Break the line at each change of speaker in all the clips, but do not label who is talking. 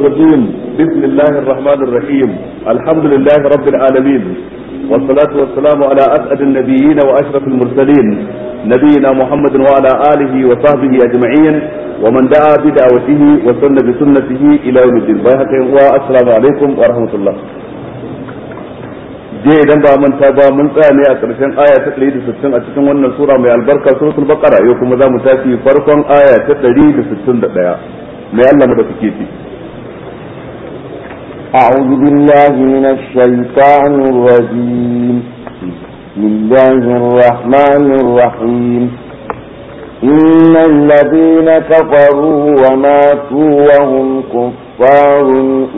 الرجيم بسم الله الرحمن الرحيم الحمد لله رب العالمين والصلاة والسلام على أسعد النبيين وأشرف المرسلين نبينا محمد وعلى آله وصحبه أجمعين ومن دعا بدعوته وسن بسنته إلى يوم الدين والسلام عليكم ورحمة الله je idan ba manta ba mun tsaya ne a ƙarshen aya ta 160 a cikin wannan sura mai albarka suratul baqara yau kuma za mu tafi farkon aya ta 161 mai Allah mu da kike ci أعوذ بالله
من الشيطان الرجيم بسم الله الرحمن الرحيم إن الذين كفروا وماتوا وهم كفار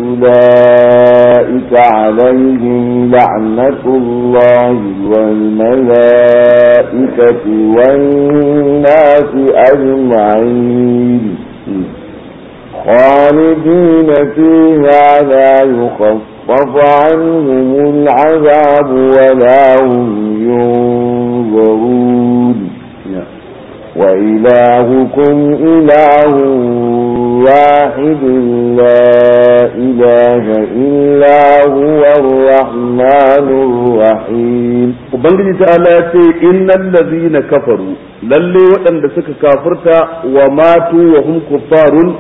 أولئك عليهم لعنة الله والملائكة والناس أجمعين خالدين فيها لا يخفف عنهم العذاب ولا هم ينظرون وإلهكم إله واحد لا إله إلا هو الرحمن
الرحيم وبنجي تعالى إن الذين كفروا للي وأن سك كافرت وماتوا وهم كفار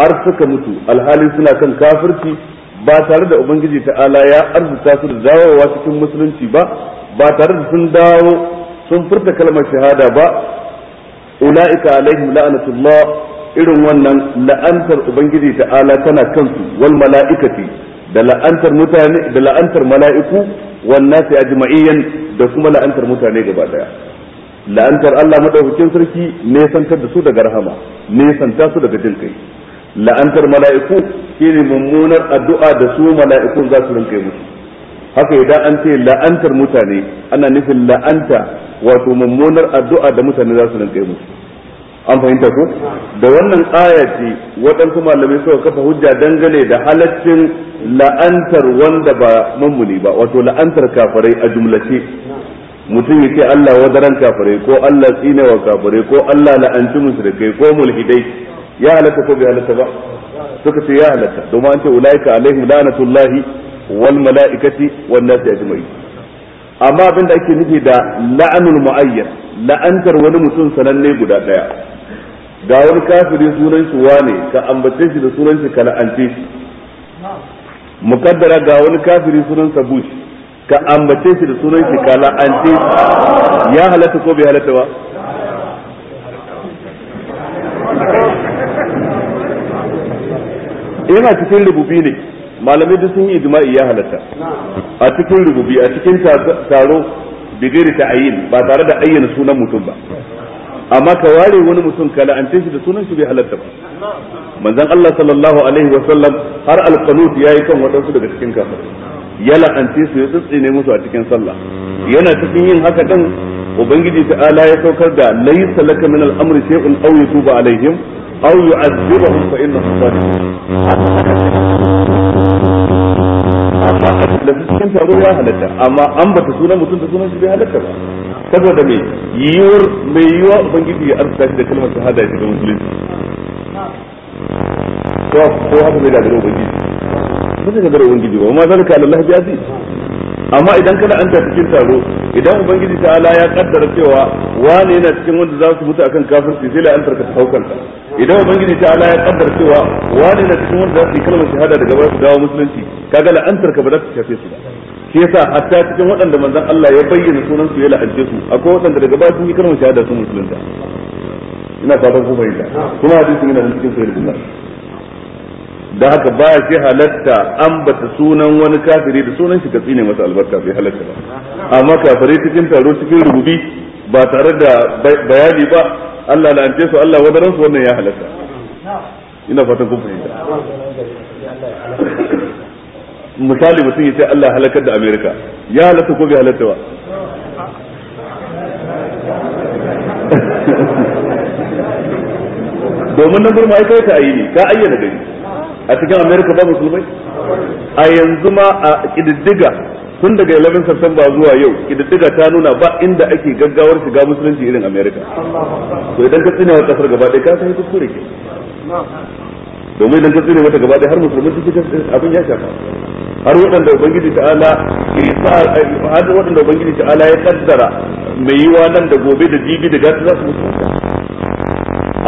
har suka mutu alhali suna kan kafirci ba tare da ubangiji ta'ala ya arzuta su da dawowa cikin musulunci ba ba tare da sun dawo sun furta kalmar shahada ba ula'ika alaihim la'anatullah irin wannan la'antar ubangiji ta'ala tana kansu wal mala'ikati da la'antar mutane da la'antar mala'iku wannan sai ajma'iyyan da kuma la'antar mutane gaba daya la'antar Allah madaukakin sarki ne santar da su daga rahama ne santa su daga jin la'antar mala'iku shine mummunar addu'a da su mala'ikun za su rinka musu haka idan an ce la'antar mutane ana nufin la'anta wato mummunar addu'a da mutane za su rinka musu an fahimta ko da wannan aya ce waɗansu malamai suka kafa hujja dangane da halaccin la'antar wanda ba mummuni ba wato la'antar kafirai a jumlace mutum ya ce Allah wadaran kafirai ko Allah tsine wa kafirai ko Allah la'anci musulkai ko mulhidai ya halatta ko bai halatta ba suka ce ya halatta domin an ce ulaika alaihim la'natullahi wal mala'ikati wan nasi ajma'in amma abin da ake nufi da la'anul mu'ayyan la'antar wani mutum sananne guda daya ga wani kafiri sunan shi wane ka ambace shi da sunan shi ka la'ance shi mukaddara ga wani kafiri sunan sa bush ka ambace shi da sunan shi ka la'ance shi ya halatta ko bai halatta ba yana cikin rububi ne malamai duk sun yi ijma'i ya halatta a cikin rububi a cikin taro bigiri ta ayin ba tare da ayyana sunan mutum ba amma ka ware wani mutum ka la'ance shi da sunan shi bai halatta ba manzon Allah sallallahu alaihi wa sallam har al-qanut yayi kan wadansu daga cikin kafirai ya la'ance su ya tsitsine musu a cikin sallah yana cikin yin haka din ubangiji ta'ala ya saukar da laysa laka min al-amri shay'un aw yatuba alaihim aw yu'adhibuhum fa innahum
zalimun amma
a tallafi cikin taro ya halatta amma an bata suna mutum da sunan shi bai halatta ba saboda mai yiwuwar mai yiwuwa ubangiji ya arsa shi da kalmar shahada shi da musulunci ko haka bai da gaba ubangiji ba zai gaba ubangiji ba ma zalika alallahi bi aziz amma idan kana an tafi cikin taro idan ubangiji ta ala ya kaddara cewa wane yana cikin wanda za su mutu akan kafirci sai la an tarka ta haukanta idan ubangiji ta ala ya kaddara cewa wane yana cikin wanda za su yi kalmar shahada daga ba su dawo musulunci kaga la an tarka ba za ta shafe su ba shi yasa hatta cikin waɗanda manzon Allah ya bayyana sunan su ya la'ance su akwai waɗanda daga ba sun yi kalmar shahada sun musulunta ina fatan ku bayyana kuma hadisin yana cikin sahih Bukhari da haka ba shi halatta ambata sunan wani kafiri da sunan shi ka tsine masa albarka bai halatta ba amma kafirai cikin taro cikin rububi ba tare da bayani ba Allah la su Allah wadaran su wannan ya halatta ina fatan kun fahimta misali mutum ya ce Allah halakar da Amerika ya halatta ko bai halatta ba domin nan gurma ai kai ta ayi ne ka ayyana gari a cikin america ba musulmai a yanzu ma a kididdiga tun daga 11 september zuwa yau kididdiga ta nuna ba inda ake gaggawar shiga musulunci irin america to idan ka tsine wa kasar gaba ɗaya ka sai kuskure ke domin idan ka tsine wata gaba ɗaya har musulmi su cikin abin ya shafa har waɗanda ubangiji ta'ala har waɗanda ubangiji ta'ala ya kaddara mai yiwa nan da gobe da jibi da gata za su musulunta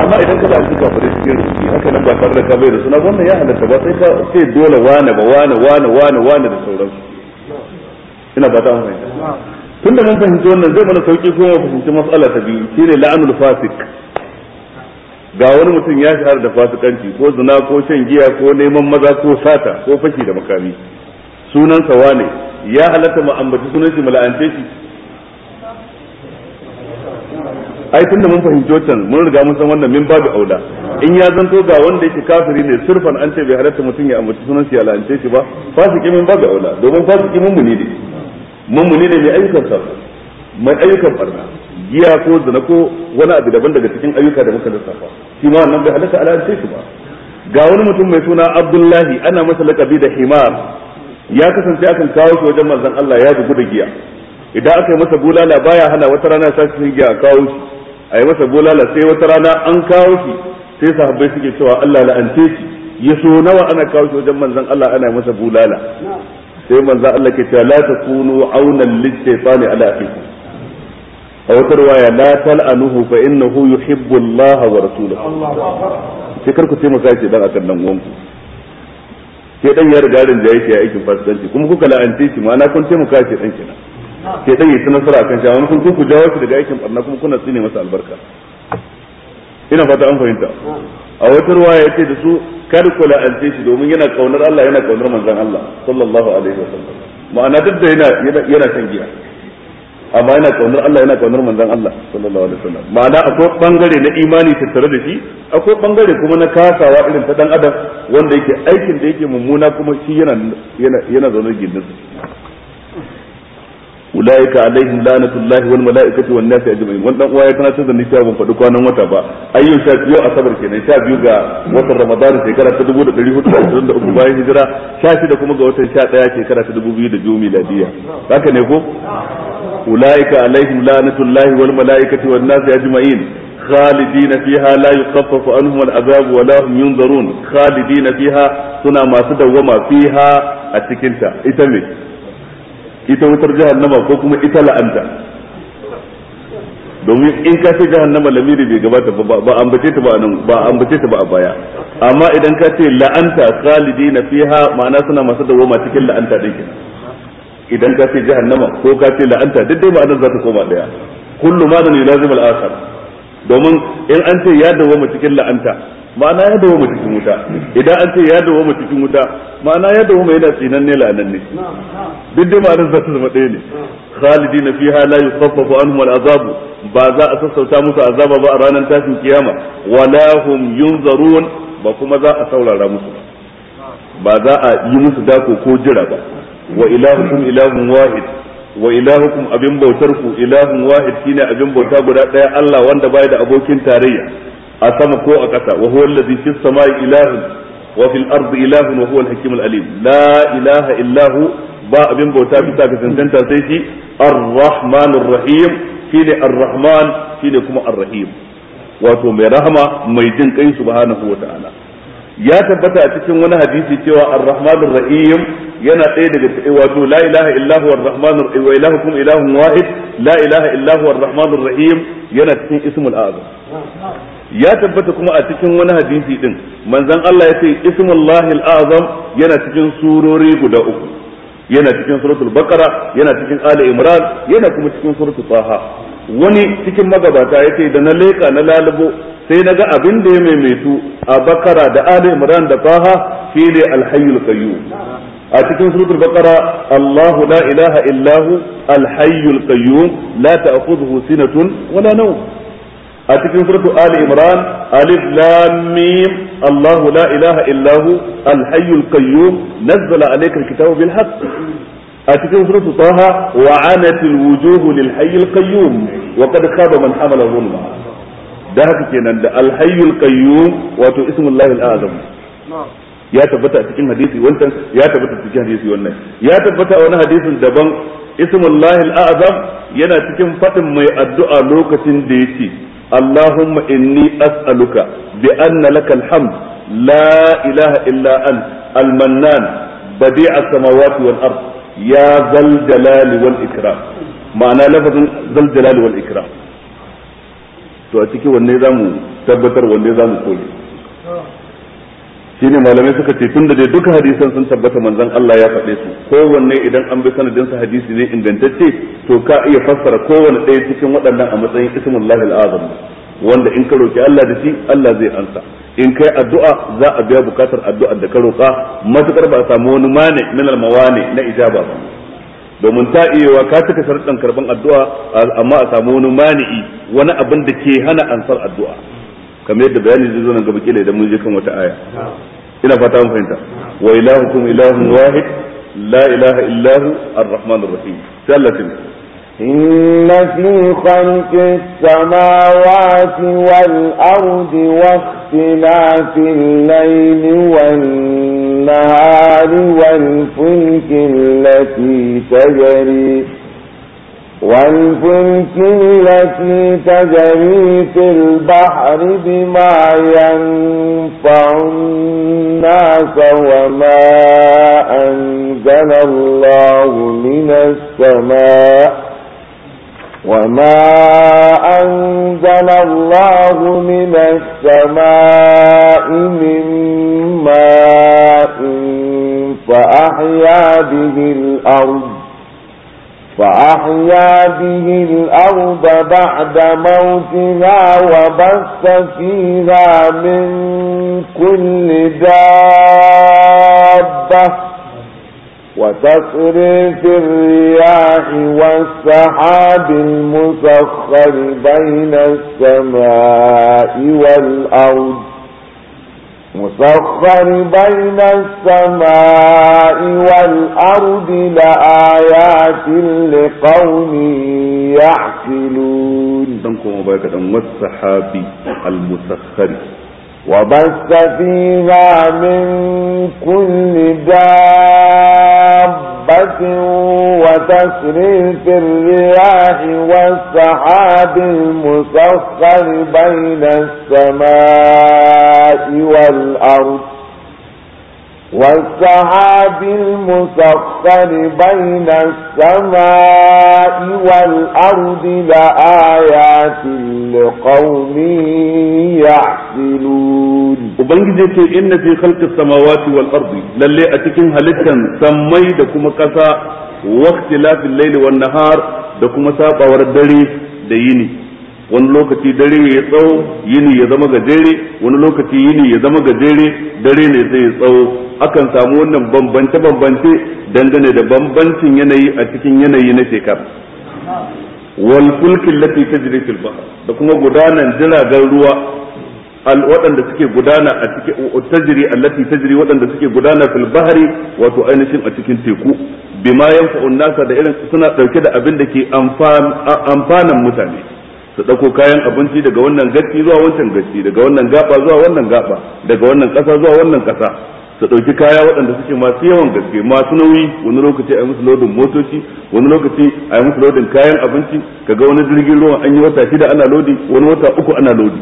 amma idan ka zaɓi kafare cikin rikici haka nan ba tare da ka bai da suna wannan ya halatta ba sai ka sai dole wane ba wane wane wane wane da sauransu ina ba ta fahimta tun da mun fahimci wannan zai mana sauki ko mu fahimci matsala ta biyu shine la'anul fasik ga wani mutum ya shahara da fasikanci ko zina ko shan giya ko neman maza ko sata ko fashi da makami sunansa wane ya halatta mu ambaci sunan shi mu shi ai tunda mun fahimci wancan mun riga mun san wannan min babu aula in ya zanto ga wanda yake kafiri ne surfan an ce bai halatta mutum ya ambaci sunan shi ya la'ance shi ba fasiki min babu aula domin fasiki muni ne muni ne mai ayyukan sa mai ayyukan barna giya ko zina ko wani abu daban daga cikin ayyuka da muka lissafa shi ma wannan bai halatta ala'ance shi ba ga wani mutum mai suna Abdullahi ana masa lakabi da himar ya kasance akan kawo shi wajen manzon Allah ya bugu da giya idan aka yi masa bulala baya hana wata rana shi giya kawo shi a yi masa bulala sai wata rana an kawo shi sai sahabbai suke cewa Allah la'ance shi ya so nawa ana kawo shi wajen manzon Allah ana yi masa bulala sai manzon Allah ke cewa la takunu aunan auna shaytani ala aqikum a wata riwaya la tal'anuhu fa innahu yuhibbu Allah wa rasuluhu sai kar ku taimaka shi dan akan nan wanku sai dan ya riga rin da yake aikin fasikanci kuma kuka la'ance shi ma na kun taimaka shi dan kenan sai dan yi ta nasara kan shi amma kun ku jawo shi daga aikin barna kuma kuna tsine masa albarka ina fata an fahimta a wata ruwa ya ce da su kar ku la'alce shi domin yana kaunar Allah yana kaunar manzon Allah sallallahu alaihi wasallam ma'ana duk da yana yana san giya amma yana kaunar Allah yana kaunar manzon Allah sallallahu alaihi wasallam ma'ana akwai bangare na imani tattare da shi akwai bangare kuma na kasawa irin ta dan adam wanda yake aikin da yake mummuna kuma shi yana yana yana zaune gindin ulaika alaihim lanatullahi wal malaikati wan nasi ajma'in wannan uwa ya tana da ni cewa ban faɗi kwanan wata ba ayyun sha biyu asabar kenan sha biyu ga watan ramadan shekara ta 1423 bayan hijira sha shida kuma ga watan 11 shekara ta 2002 miladiya haka ne ko
ulaika alaihim
lanatullahi wal malaikati wan nasi ajma'in خالدين فيها لا يخفف عنهم العذاب ولا هم ينظرون خالدين فيها سنا ما سدوما فيها أتكنتا إتمي ita wutar jahannama ko kuma ita la'anta domin in ka ce jahannama lamiri bai gabata ba ambace ta ba nan ba ambace ta ba a baya amma idan ka ce la'anta khalidina fiha ma'ana suna masu dawoma cikin la'anta din kenan idan ka ce jahannama ko ka ce la'anta duk dai ma'anar za ta koma daya kullu ma da lazim al-akhar domin in an ce ya dawoma cikin la'anta ma'ana ya dawo cikin wuta idan an ce ya dawo mu cikin wuta ma'ana ya dawo mu yana tsinan ne la'anan ne duk da ma'anar za zama ɗaya ne khalidina fiha la an anhum al'azabu ba za a sassauta musu azaba ba a ranar tashin kiyama wala hum zaruwan ba kuma za a saurara musu ba za a yi musu dako ko jira ba wa ilahukum ilahun wahid wa ilahukum abin bautar ku ilahun wahid shine abin bauta guda ɗaya Allah wanda baya da abokin tarayya a sama ko a ƙasa wa huwa allazi fis samai ilahun wa fil ardi ilahun wa huwa al hakim al alim la ilaha illa hu ba abin bauta bisa ga cancanta sai shi ar-rahmanur rahim shine ar-rahman shine kuma ar-rahim wato mai rahama mai jin kai subhanahu wa ta'ala ya tabbata a cikin wani hadisi cewa ar-rahmanur rahim yana ɗaya daga wato la ilaha illahu ar-rahmanur wa ilahukum ilahun wahid la ilaha illahu ar-rahmanur rahim yana cikin ismul azam ya tabbata kuma a cikin wani hadisi din manzon Allah ya ce ismullahi azam yana cikin surori guda uku yana cikin suratul baqara yana cikin ali imran yana kuma cikin suratul faha wani cikin magabata ya ce da na leka na lalubo sai na ga abin da ya maimaitu a bakara da ali imran da faha taha ne alhayyul qayyum a cikin suratul baqara Allahu la ilaha illahu alhayyul qayyum la ta'khudhuhu sinatun wala nawm a cikin suratu ali imran alif Allahu la ilaha illa hu al-hayyul qayyum nazzala alayka al-kitaba bil haqq a cikin suratu taha wa anatil wujuhu lil hayyil qayyum wa qad khaba man hamala zulma da haka kenan da al-hayyul wato ismullahi al ya tabbata a cikin hadisi wancan ya tabbata cikin hadisi wannan ya tabbata a wani daban ismullahi yana cikin fadin mai addu'a lokacin da yake اللهم إني أسألك بأن لك الحمد لا إله إلا أنت المنان بديع السماوات والأرض يا ذا الجلال والإكرام معنى لفظ ذا الجلال والإكرام to a ciki wanne za mu tabbatar wanne za mu koli shine malamai suka ce tunda dai duka hadisan sun tabbata manzon Allah ya faɗe su kowanne idan an bi sanadin sa hadisi ne ingantacce to ka iya fassara kowanne ɗaya cikin waɗannan a matsayin ismullahi al wanda in ka roki Allah da shi Allah zai ansa in kai addu'a za a biya bukatar addu'ar da ka roka matukar ba a samu wani mane min al-mawani na ijaba ba domin ta iyewa ka cika sharɗan karban addu'a amma a samu wani mani'i wani abin da ke hana ansar addu'a kamar yadda bayani zai zo nan gaba kila idan mun je kan wata aya ina fata mun fahimta wa ilahukum ilahun wahid la ilaha illa hu arrahmanur rahim sai Allah ta
إن في خلق السماوات والأرض واختلاف الليل والنهار والفلك التي تجري والفلك التي تجري في البحر بما ينفع الناس وما أنزل الله من السماء وما أنزل الله من السماء من ماء فأحيا به الأرض فأحيا به الأرض بعد موتها وبث فيها من كل دابة وتصريف الرياح والسحاب المسخر بين السماء والأرض مسخر بين السماء والأرض لآيات لقوم
يعقلون دنكم وبركة
والسحاب المسخر وبث فيها من كل دار برقة وتسريف الرياح والسحاب المسخر بين السماء والأرض والسحاب المسخر بين السماء والأرض لآيات
لقوم يعقلون وبنجد إن في خلق السماوات والأرض للي أتكن هلتا سمي دكما كسا واختلاف الليل والنهار دكما ساقا وردري ديني wani lokaci dare ya tsawo yini ya zama gajere wani lokaci yini ya zama gajere dare ne zai tsawo akan samu wannan bambance bambance dangane da bambancin yanayi a cikin yanayi na shekar wal fulkin lati tajri fil bahr da kuma gudanan jiragen ruwa al waɗanda suke gudana a cikin tajri allati tajri waɗanda suke gudana fil bahri wato ainihin a cikin teku bima yanfa'un nasa da irin suna dauke da abin da ke amfanan mutane su ɗauko kayan abinci daga wannan gaci zuwa wancan gaci daga wannan gaba zuwa wannan gaba daga wannan ƙasa zuwa wannan ƙasa su ɗauki kaya waɗanda suke masu yawan gaske masu nauyi wani lokaci a yi musu lodin motoci wani lokaci a yi musu lodin kayan abinci kaga wani jirgin ruwa an yi wata shida ana lodi wani wata uku ana lodi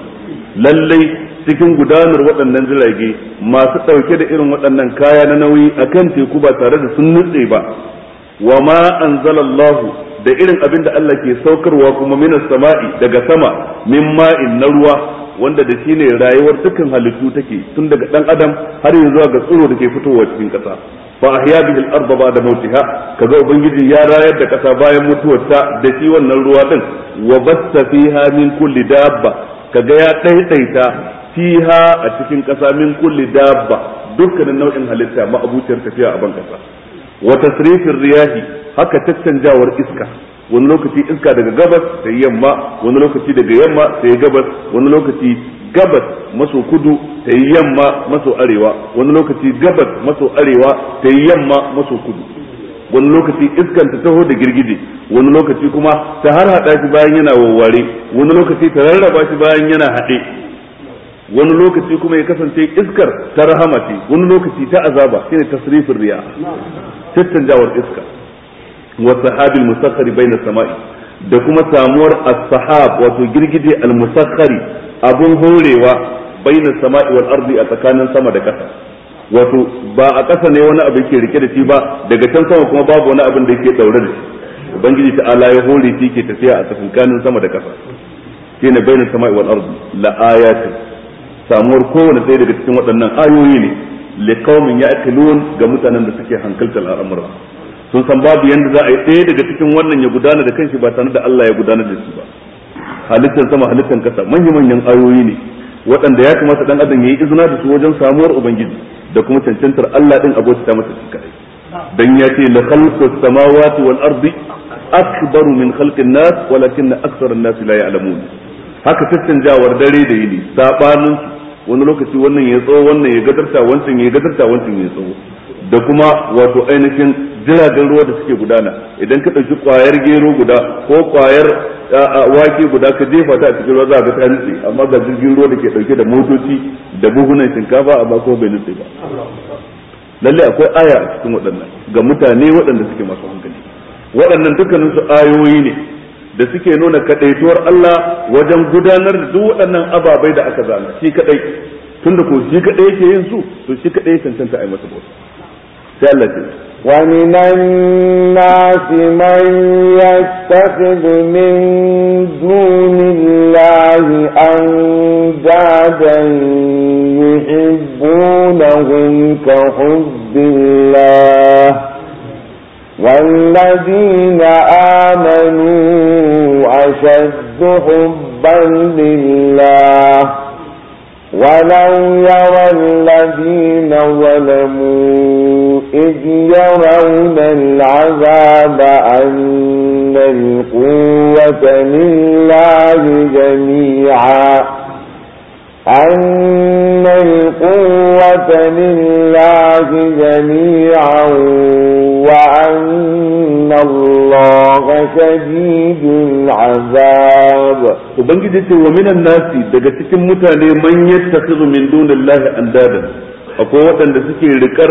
lallai cikin gudanar waɗannan jirage masu ɗauke da irin waɗannan kaya na nauyi akan teku ba tare da sun nutse ba wa ma da irin abin da Allah ke saukarwa kuma minas sama'i daga sama min ma'in na ruwa wanda da shine rayuwar dukkan halittu take tun daga dan adam har yanzu ga tsiro da ke fitowa cikin kasa fa ahya bihi al-ardh ba'da mawtiha kaga ubangiji ya rayar da kasa bayan mutuwarta da shi wannan ruwa din wa batta fiha min kulli dabba kaga ya daidaita fiha a cikin kasa min kulli dabba dukkanin nau'in halitta ma tafiya a ban kasa wa tasrifin riyahi haka caccanjawar iska wani lokaci iska daga gabas sai yamma wani lokaci daga yamma sai gabas wani lokaci gabas maso kudu ta yamma maso arewa wani lokaci gabas maso arewa ta yamma maso kudu wani lokaci iskan ta taho da girgije wani lokaci kuma ta har shi bayan yana wawware wani lokaci ta rarraba shi bayan yana haɗe wani lokaci kuma ya kasance iskar ta rahamati wani lokaci ta azaba shine tasrifin riya tattanjawar iska wa sahabil musakhkhari baina sama'i da kuma samuwar as-sahab wato girgije al-musakhkhari abun horewa baina sama'i wal ardi a tsakanin sama da ƙasa wato ba a ƙasa ne wani abu ke rike da shi ba daga can sama kuma babu wani abin da yake daure da shi ubangiji ta'ala ya hore shi ke tafiya a tsakanin sama da ƙasa shine baina sama'i wal ardi la ayatin samuwar kowane ɗaya daga cikin waɗannan ayoyi ne liqaumin ya'qilun ga mutanen da suke hankaltar al'amura sun san babu yanda za a yi ɗaya daga cikin wannan ya gudana da kanshi ba tare da Allah ya gudanar da shi ba halittar sama halittar kasa manyan manyan ayoyi ne waɗanda ya kamata dan adam yayi izina da su wajen samuwar ubangiji da kuma cancantar Allah din abota masa shi kadai dan ya ce la khalqu samawati wal ardi akbaru min khalqin nas walakinna aktsara an-nas la ya'lamun haka tattanjawar dare da yini sabanin wani lokaci wannan ya tsawo wannan ya gadarta wancan ya gadarta wancan ya tsawo da kuma wato ainihin jiragen ruwa da suke gudana idan ka ɗauki kwayar gero guda ko kwayar wake guda ka jefa ta a cikin ruwa za ka ta nutse amma ga jirgin ruwa da ke ɗauke da motoci da buhunan shinkafa amma ko bai nutse ba lalle akwai aya a cikin waɗannan ga mutane waɗanda suke masu hankali waɗannan dukkanin su ayoyi ne da suke nuna kadaituwar Allah wajen gudanar da duk waɗannan ababai da aka zana shi kadai tunda ko shi kadai yake yin su to shi kadai cancanta a yi masa bauta sai Allah ya ومن الناس من
يتخذ من دون الله أندادا يحبونهم ka hubbillah والذين آمنوا أشد حبا لله ولو يرى الذين ظلموا إذ يرون العذاب أن القوة لله جميعا أن القوة لله جميعا وأن الله
شديد العذاب وبنجد ومن الناس دقتك متى من يتخذ من دون الله أندادا أقوى أن تسكي لكر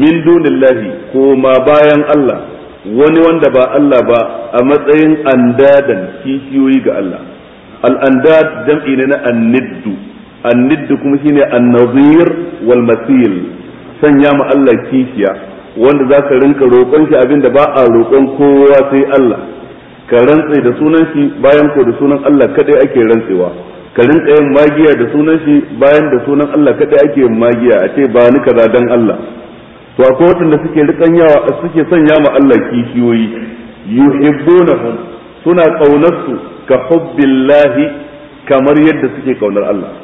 دون الله ko ma bayan Allah wani wanda ba Allah ba a matsayin andadan kishiyoyi ga Allah al-andad jam'i ne na anniddu annid kuma shine annazir wal masil sanya ma Allah kishiya wanda zaka rinka roƙon shi abinda ba a roƙon kowa sai Allah ka rantse da sunan shi bayan ko da sunan Allah kadai ake rantsewa ka rinka yin magiya da sunan shi bayan da sunan Allah kadai ake yin magiya a ce ba ni kaza dan Allah to akwai waɗanda suke rikanyawa suke sanya ma Allah kishiyoyi yuhibbunahum suna su ka hubbillahi kamar yadda suke kaunar Allah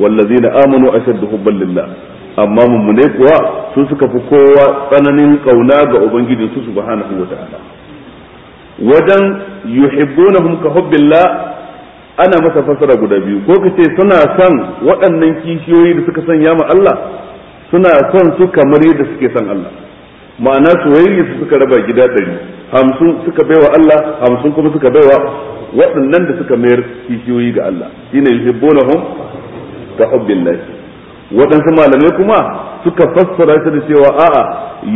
wallazina amanu ashaddu hubban lillah amma mummune kuwa su suka fi kowa tsananin kauna ga Ubangiji su subhanahu wa ta'ala wajen yuhibbunahum ka hubbillah ana masa fasara guda biyu ko kace suna son waɗannan kishiyoyi da suka sanya ma Allah suna son su kamar yadda suke son Allah ma'ana soyayya su suka raba gida ɗari hamsin suka baiwa Allah hamsin kuma suka baiwa waɗannan da suka mayar kishiyoyi ga Allah shine yuhibbunahum ka hubbillah waɗansu malamai kuma suka fassara shi da cewa a'a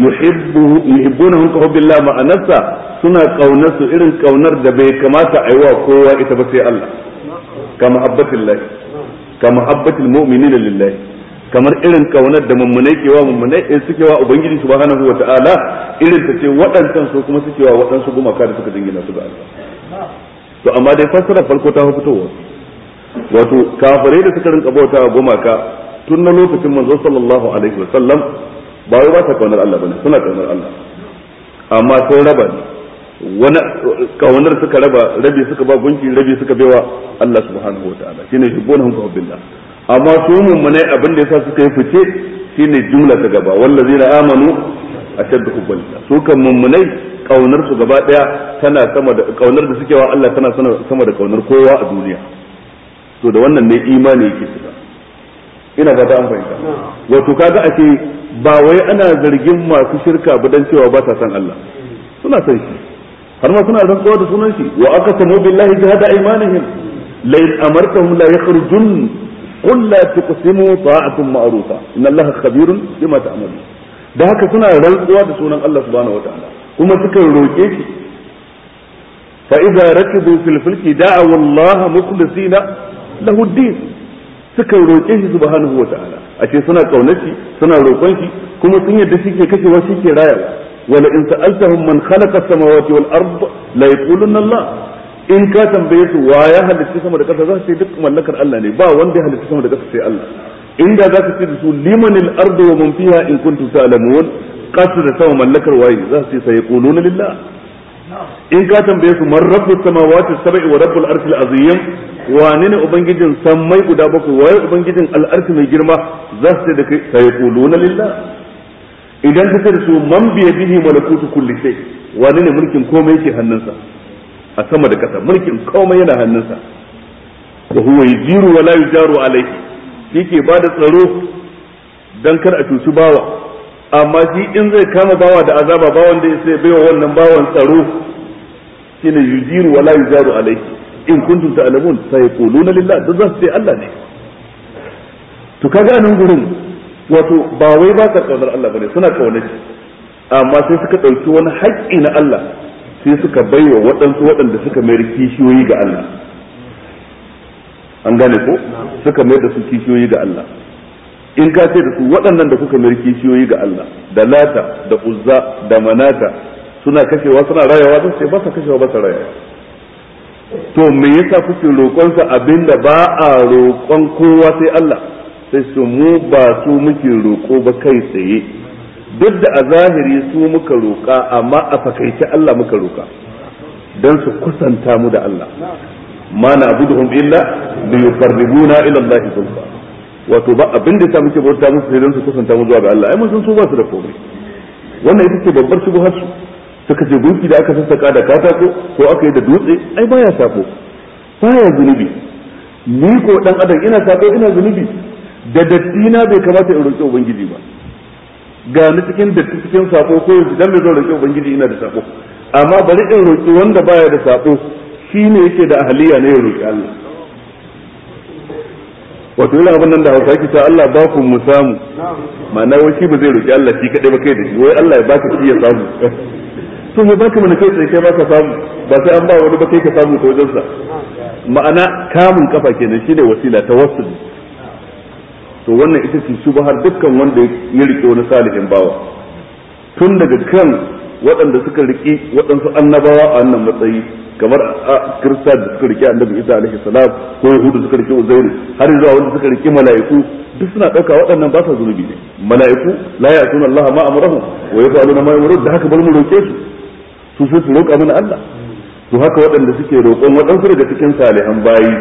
yuhibbunahum ka hubbillah ma'anarsa suna kaunar su irin kaunar da bai kamata a yi wa kowa ita ba sai Allah ka mahabbatillah ka mahabbatil mu'minin lillah kamar irin kaunar da mummunai ke wa mummunai in eh, suke wa ubangiji subhanahu wa ta'ala irin ta ce waɗancan su kuma suke wa waɗansu gumaka da suka dingina su ga Allah to amma dai fassara farko ta fitowa wato kafirai da suka rinka bauta gumaka tun na lokacin manzo sallallahu alaihi wasallam ba wai ba ta kaunar Allah bane suna kaunar Allah amma sun raba wani kaunar suka raba rabi suka ba gunki rabi suka baiwa Allah subhanahu wataala shine yuhibbunahum ka billah amma su mummunai abin da yasa suka yi fice shine jumla ta gaba la amanu ashaddu hubban su kan mummunai kaunar su gaba daya tana sama da kaunar da suke wa Allah tana sama da kaunar kowa a duniya to da wannan ne imani yake shiga ina ga an fahimta wato kaga ake ba wai ana zargin masu shirka ba dan cewa ba sa san Allah suna san shi har ma suna rantsuwa da sunan shi wa aqsamu billahi jahada imanihim la in amartahum la yakhrujun qul la tuqsimu ta'atun ma'rufa inna allaha khabirun bima ta'malun da haka suna rantsuwa da sunan Allah subhanahu ta'ala kuma suka roke shi fa idza rakibu fil fulki da'a wallaha mukhlisina lahu din suka roƙe shi subhanahu wata'ala a ce suna ƙaunaci suna roƙon shi kuma sun yadda shi ke kashewa shi ke rayawa wala in sa'altahum man khalaqa samawati wal ard la yaqulunna Allah in ka tambaye su wa ya halitta sama da ƙasa za su ce duk mallakar Allah ne ba wanda ya halitta sama da ƙasa sai Allah inda za ka ce da su limanil ardu wa man fiha in kuntum ta'lamun ƙasa da sama mallakar waye za su ce sai yaquluna lillah in ka tambaye su man rabbus samawati sab'i wa rabbul arshil azim wane ne ubangijin sammai guda bakwai waye ubangijin al'arfi mai girma za su ce da kai na lillah idan ka ce da su man biye bihi malakutu kulli shay wane ne mulkin komai yake hannunsa a sama da kasa mulkin komai yana hannunsa wa huwa yujiru wa la yujaru alayhi yake ba da tsaro dan kar a cuci bawa amma shi in zai kama bawa da azaba bawan da sai baiwa wannan bawan tsaro shine yujiru wa la yujaru alayhi in kuntum ta'lamun sayquluna lillah da zasu ce Allah ne to kaga nan gurin wato ba wai ba ka kaunar Allah bane suna kaunar shi amma sai suka dauki wani haƙƙi na Allah sai suka baiwa waɗansu waɗanda suka mayar kishiyoyi ga Allah an gane ko suka mayar da su kishiyoyi ga Allah in ka ce da su waɗannan da kuka mayar kishiyoyi ga Allah da lata da uzza da manata suna kashewa suna rayawa zan ce ba sa kashewa ba sa rayawa to me yasa kuke roƙonsa abinda ba a roƙon kowa sai Allah sai su mu ba su muke roƙo ba kai tsaye duk da a zahiri su muka roƙa amma a fakaice Allah muka roƙa don su kusanta mu da Allah ma na abuduhum illa bi yuqarribuna ila Allah zulfa wato ba abin da yasa muke bauta musu sai don su kusanta mu zuwa ga Allah ai mun san su ba su da komai wannan ita ce babbar shubuhar su suka ce gunki da aka sassaka da katako ko aka yi da dutse ai baya sako baya zunubi ni ko dan adam ina sako ina zunubi da datti na bai kamata in roƙi ubangiji ba ga ni cikin datti cikin sako ko yanzu dan me zan roƙi ubangiji ina da sako amma bari in roƙi wanda baya da sako shine yake da ahliya ne ya roƙi Allah wato yana abin nan da hausa yake ta Allah ba ku mu samu ma'ana wai shi ba zai roƙi Allah shi kaɗai ba kai da shi wai Allah ya baka shi ya samu sun ya baka mana kai tsaye ba ka samu ba sai an ba wani ba kai ka samu ta sa ma'ana kamun kafa kenan shine wasila ta wasu to wannan ita ce shubahar dukkan wanda ya rike wani salihin bawa tun daga kan waɗanda suka riki waɗansu annabawa a wannan matsayi kamar a kirista da suka riki annabi isa alaihi salam ko yahudu suka rike uzairu har zuwa wanda suka rike mala'iku duk suna ɗauka waɗannan ba sa zunubi ne mala'iku la ya'tuna Allah ma amrahum wa yaf'aluna ma yamurun da haka bar mu roke su su sai su roƙa mana Allah to haka waɗanda suke roƙon waɗansu daga cikin salihan bayi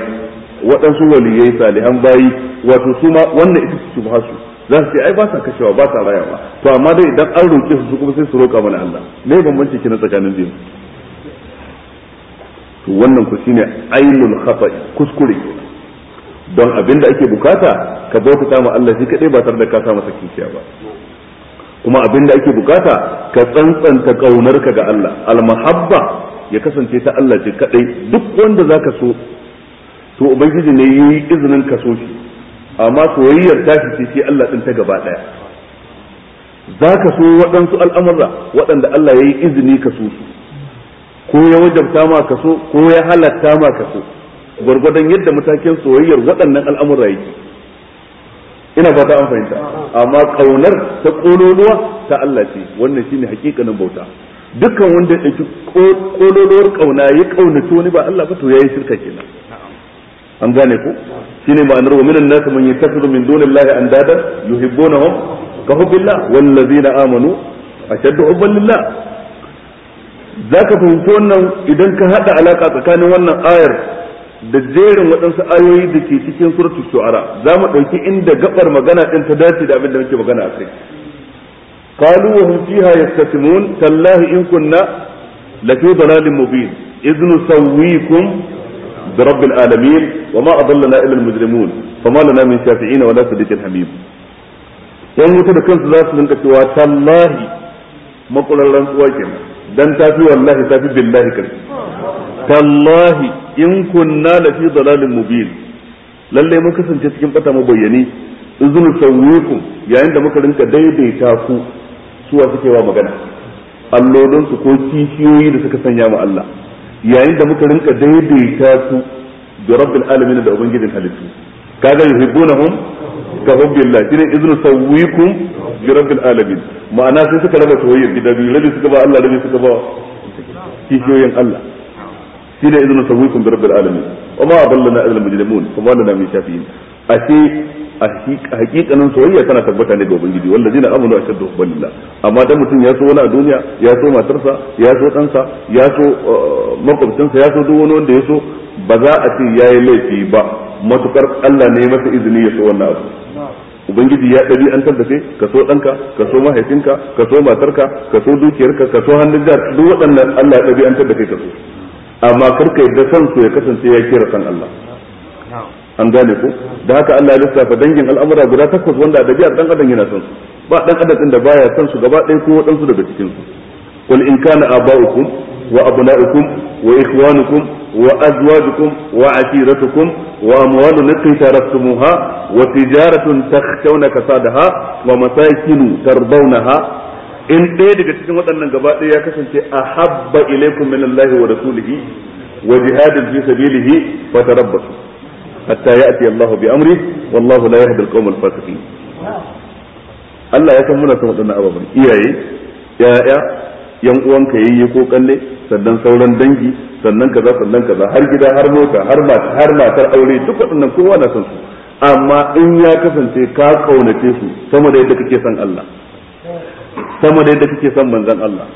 waɗansu waliyai salihan bayi wato su ma wannan ita su ba su za su ce ai ba sa kashewa ba sa rayawa to amma dai idan an roƙe su kuma sai su roƙa mana Allah me bambanci kina tsakanin biyu to wannan ku shine ainul khafa kuskure don abin da ake bukata ka bauta ma Allah shi kadai ba tare da ka sa masa kishiya ba kuma abin da ake bukata ka tsantsanta kaunarka ga Allah almahabba ya kasance ta Allah ce kadai duk wanda zaka so to ubangiji ne yayi izinin ka so shi amma soyayyar ta shi sai Allah din ta gaba daya zaka so waɗansu al'amura waɗanda Allah yi izini ka so su ko ya wajabta ma ka so ko ya halatta ma ka so gwargwadon yadda matakin soyayyar waɗannan al'amura yake ina fata an fahimta amma kaunar ta kololuwa ta Allah ce wannan shine hakikanin bauta dukkan wanda ya ɗauki kololuwar kauna ya kaunaci wani ba Allah ba to yayi shirka kenan an gane ko shine ma'anar wa minan nas man yattakhidhu min dunillahi andada yuhibbunahum ka hubbillah wallazina amanu ashaddu hubban lillah zaka fahimci wannan idan ka hada alaka tsakanin wannan ayar da jerin waɗansu ayoyi da ke cikin suratul shu'ara za mu ɗauki inda gaɓar magana ɗin ta dace da abin da muke magana a kai qalu wa hum fiha yastasimun tallahi in kunna la fi dalalin mubin idh nusawwikum bi rabbil alamin wa ma adallana illa al mujrimun fama lana min shafi'in wa da sadiqin Habibu. yan wuta da kansu za su rinka cewa tallahi makulan tsuwa kenan dan tafi wallahi tafi billahi kan tallahi in kunna la fi dalalin mubin lalle mun kasance cikin bata mabayyani iznu sawwiku yayin da muka rinka daidaita ku suwa suke wa magana allodon su ko kishiyoyi da suka sanya mu Allah yayin da muka rinka daidaita ku da rabbil alamin da ubangijin halittu kaga yuhibbunahum ka hubbillah shine iznu sawwikum bi rabbil alamin ma'ana sai suka raba soyayya gida biyu rabi suka ba Allah rabi suka ba kishiyoyin Allah shi ne izinin sabukun da alamin wa ma adallana illa mujrimun wa kuma lana min shafi yi. a hakikanin soyayya tana tabbata ne ga ubangiji wallazi na amanu ashaddu hubban lillah amma dan mutum ya so wani a duniya ya so matarsa ya so ɗansa ya so uh, makwabcinsa ya so duk wani wanda ya so ba za a ce yayi laifi ba matukar Allah ne masa izini ya so wannan abu ubangiji ya ɗabi an tabbace ka so ɗanka ka so mahaifinka ka so matarka ka so dukiyarka ka so hannun duk waɗannan Allah ya ɗabi an tabbace ka so amma karka yadda san su ya kasance ya kira san Allah an gane ku da haka Allah ya lissafa dangin al'amura guda takwas wanda da biyar dan adam yana san su ba dan adam din da baya san su gaba ɗaya ko waɗansu daga cikin su qul in kana aba'ukum wa abna'ukum wa ikhwanukum wa azwajukum wa atiratukum wa amwalun iqtaraftumuha wa tijaratun takhshawna kasadaha wa masakin tardawnaha in ɗaya daga cikin waɗannan gaba ɗaya ya kasance a habba ilaikum min Allah wa rasulihi wa jihadin fi sabilihi fa tarabbasu hatta ya'ti Allah bi amri wallahu la yahdi al-qawm al-fasiqin Allah ya san muna san waɗannan ababen iyaye ya'ya yan uwanka yayi ko kalle sannan sauran dangi sannan kaza sannan kaza har gida har mota har mata har matar aure duk waɗannan kowa na san su amma in ya kasance ka kaunace su sama da yadda kake san Allah sama da yadda kake son manzon Allah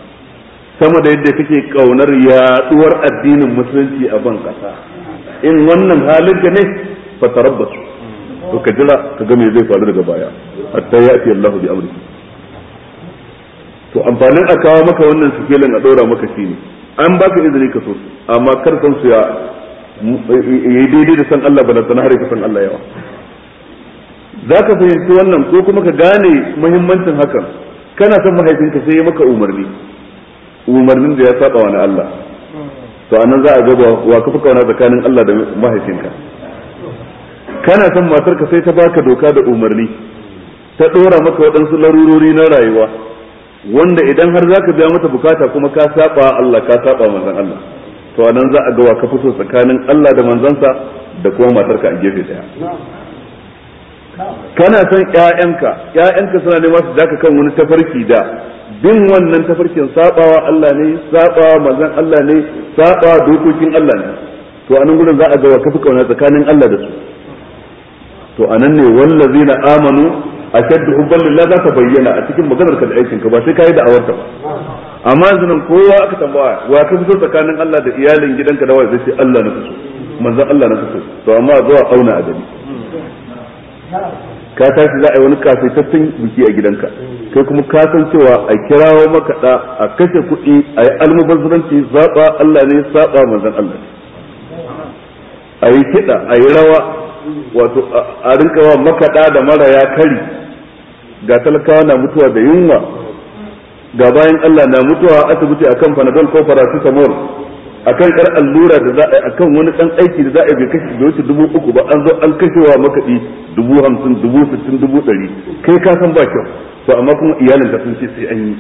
sama da yadda kake kaunar yaduwar addinin musulunci a ban kasa in wannan halin ka ne fa tarabbasu to ka jira ka ga me zai faru daga baya hatta ya ati Allahu bi amri to amfanin a kawo maka wannan sikelin a dora maka ne an baka izini ka so amma kar san su ya yi daidai da san Allah bala sana har ka san Allah yawa za ka fahimci wannan ko kuma ka gane muhimmancin hakan kana son mahaifinka sai ya maka umarni umarnin da ya saba wa Allah to anan za a gaba wa kafa kauna tsakanin Allah da mahaifinka kana son matarka sai ta baka doka da umarni ta dora maka waɗansu larurori na rayuwa wanda idan har zaka biya mata bukata kuma ka saba Allah ka saba manzon Allah to anan za a ga wa kafa so tsakanin Allah da manzansa da kuma matarka a gefe daya kana son ƴaƴanka ƴaƴanka suna nema su daka kan wani tafarki da bin wannan tafarkin sabawa Allah ne sabawa manzon Allah ne sabawa dokokin Allah ne to anan gurin za a ga wa kafi kauna tsakanin Allah da su to anan ne wallazina amanu ashaddu hubban lillah za ta bayyana a cikin maganar ka da aikin ka ba sai kai da awarta ba amma yanzu nan kowa aka tambaya wa ka fito tsakanin Allah da iyalin gidanka da wai zai ce Allah na fito manzon Allah na fito to amma zuwa auna a gani ka tashi za a yi wani kasaitattun biki a gidanka kai kuma ka san cewa a kirawo makaɗa a kashe kuɗi a yi almubazzuranci zaɓa Allah ne saɓa manzan Allah a yi kiɗa a yi rawa wato a rinka wa makaɗa da mara ya kari ga talakawa na mutuwa da yunwa ga bayan Allah na mutuwa asibiti akan fanadol ko paracetamol akan kar allura da za a yi akan wani dan aiki da za a yi bai kashi bai wuce dubu uku ba an zo an kashewa makaɗi dubu hamsin dubu sittin dubu ɗari kai ka san ba kyau to amma kuma iyalin ka sun ce sai an yi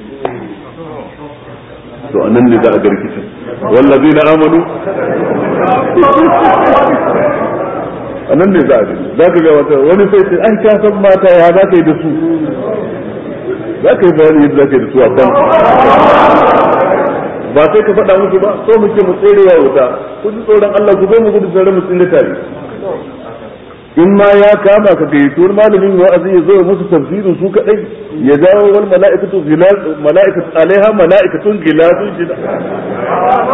to a nan ne za a garki ta wallazi na amanu a nan ne za a gani za ka ga wata wani sai sai an ka san mata ya za ka yi da su za ka yi bayani yadda za ka yi da su a kan ba sai ka faɗa musu ba so muke mu tsere wa wuta ku ji tsoron Allah ku zo mu gudu tsere mu tsere tare in ma ya kama ka gayyato malamin wa'azi ya zo musu tafsirin su kadai ya dawo wal mala'ikatu gilal mala'ikatu alaiha mala'ikatun gilal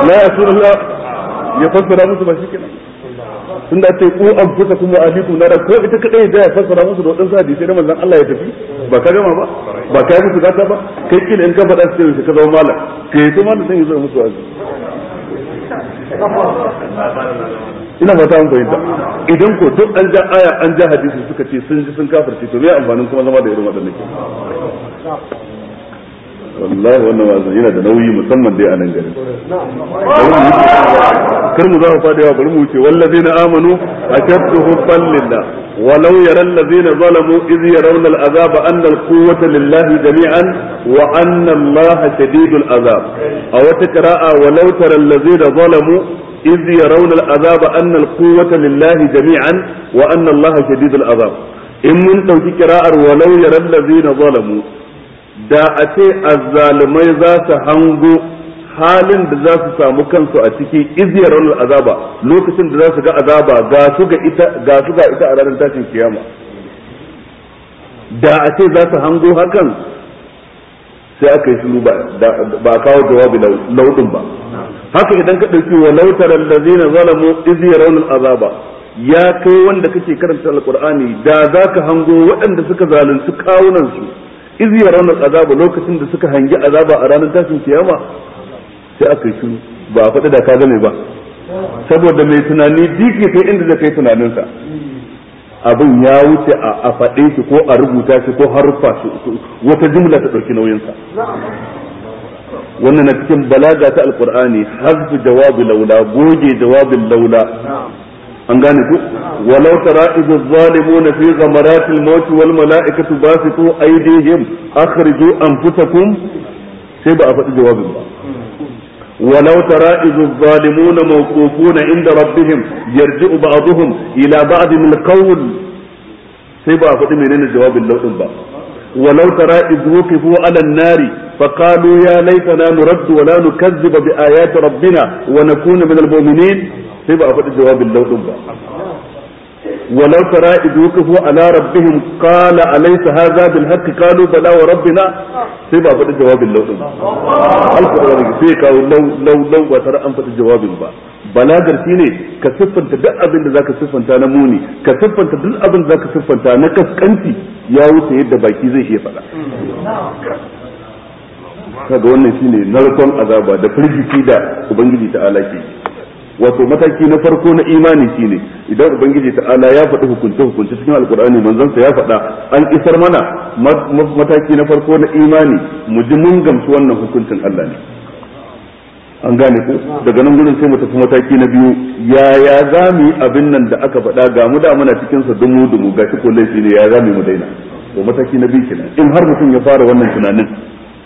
la yasuru ya fassara musu ba shi kina. sun da ce ku an fusa kuma alikum da ko ita kadai da ya fassara musu da wadansu hadisi da manzon Allah ya tafi ba ka gama ba ba ka yi musu gata ba kai kila in ka faɗa su sai ka zama malam kai kuma malam sai ya zo musu wazi ina fata an fahimta idan ko duk an ja aya an ja hadisi suka ce sun ji sun kafirce to me amfanin kuma zama da irin waɗannan ke wallahi wannan wazin yana da nauyi musamman dai a nan garin kar mu za mu fadewa bari mu wuce wallazi na amanu a shaddu hubban lillah walau yaral ladzina zalamu iz yarawna al'azab anna al-quwwata lillahi jami'an wa anna allaha shadidul azab a wata qira'a walau taral ladzina zalamu iz yarawna al'azab anna al-quwwata lillahi jami'an wa anna allaha shadidul azab in mun dauki qira'ar walau yaral ladzina zalamu da a ce azzalumai za su hango halin da za su samu kansu a ciki iziyar wani azaba lokacin da za su ga azaba ga su ga ita a ranar tashin kiyama da a ce za su hango hakan sai aka yi sulu ba kawo jawabi laudin ba haka idan ka ɗauki wa lautar da zalamu iziyar wani azaba ya kai wanda kake karanta alkur'ani da za ka hango waɗanda suka zalunci kawunansu ya ranar azaba lokacin da suka hangi azaba a ranar tashin kiyama sai aka yi ba a faɗi da ka game ba saboda mai tunani dike sai inda zai kai tunaninsa abin ya wuce a faɗe shi ko a rubuta shi ko harfa shi wata jumla ta ɗauki nauyinsa wannan na cikin balaga ta alƙur'ani hazfu jawabi laula goge jawabin laula an gane ku walau tara idh zalimuna fi ghamarati al-maut wal mala'ikatu basitu aydihim akhriju anfusakum sai ba a faɗi jawabin ba ولو ترى إذ الظالمون موقوفون عند ربهم يرجع بعضهم إلى بعض القول سيبقى فقد من جواب اللوء با ولو ترى إذ وقفوا على النار فقالوا يا ليتنا نرد ولا نكذب بآيات ربنا ونكون من المؤمنين sai ba a faɗi jawabin lauɗin ba Walau ala ولو ترى إذ وقفوا على ربهم قال أليس هذا Sai ba a faɗi jawabin lauɗin ba. اللو القرآن sai kawo lau lau ba tare an faɗi jawabin ba balagar ne ka siffanta duk abin da zaka siffanta na muni ka siffanta duk abin da zaka siffanta na kaskanci ya wuce yadda baki zai iya faɗa kaga wannan shine narkon azaba da firgici da ubangiji ta alake wato mataki na farko na imani shine idan ubangiji ta'ala ya faɗi hukunce hukunce cikin alkur'ani manzon ya faɗa an isar mana mataki na farko na imani mu ji mun gamsu wannan hukuncin Allah ne an gane ku daga nan gurin sai mu tafi mataki na biyu yaya za mu yi abin nan da aka faɗa ga mu da muna cikin sa dumu dumu ga ko laifi ne ya za mu daina to mataki na biyu kenan in har mutum ya fara wannan tunanin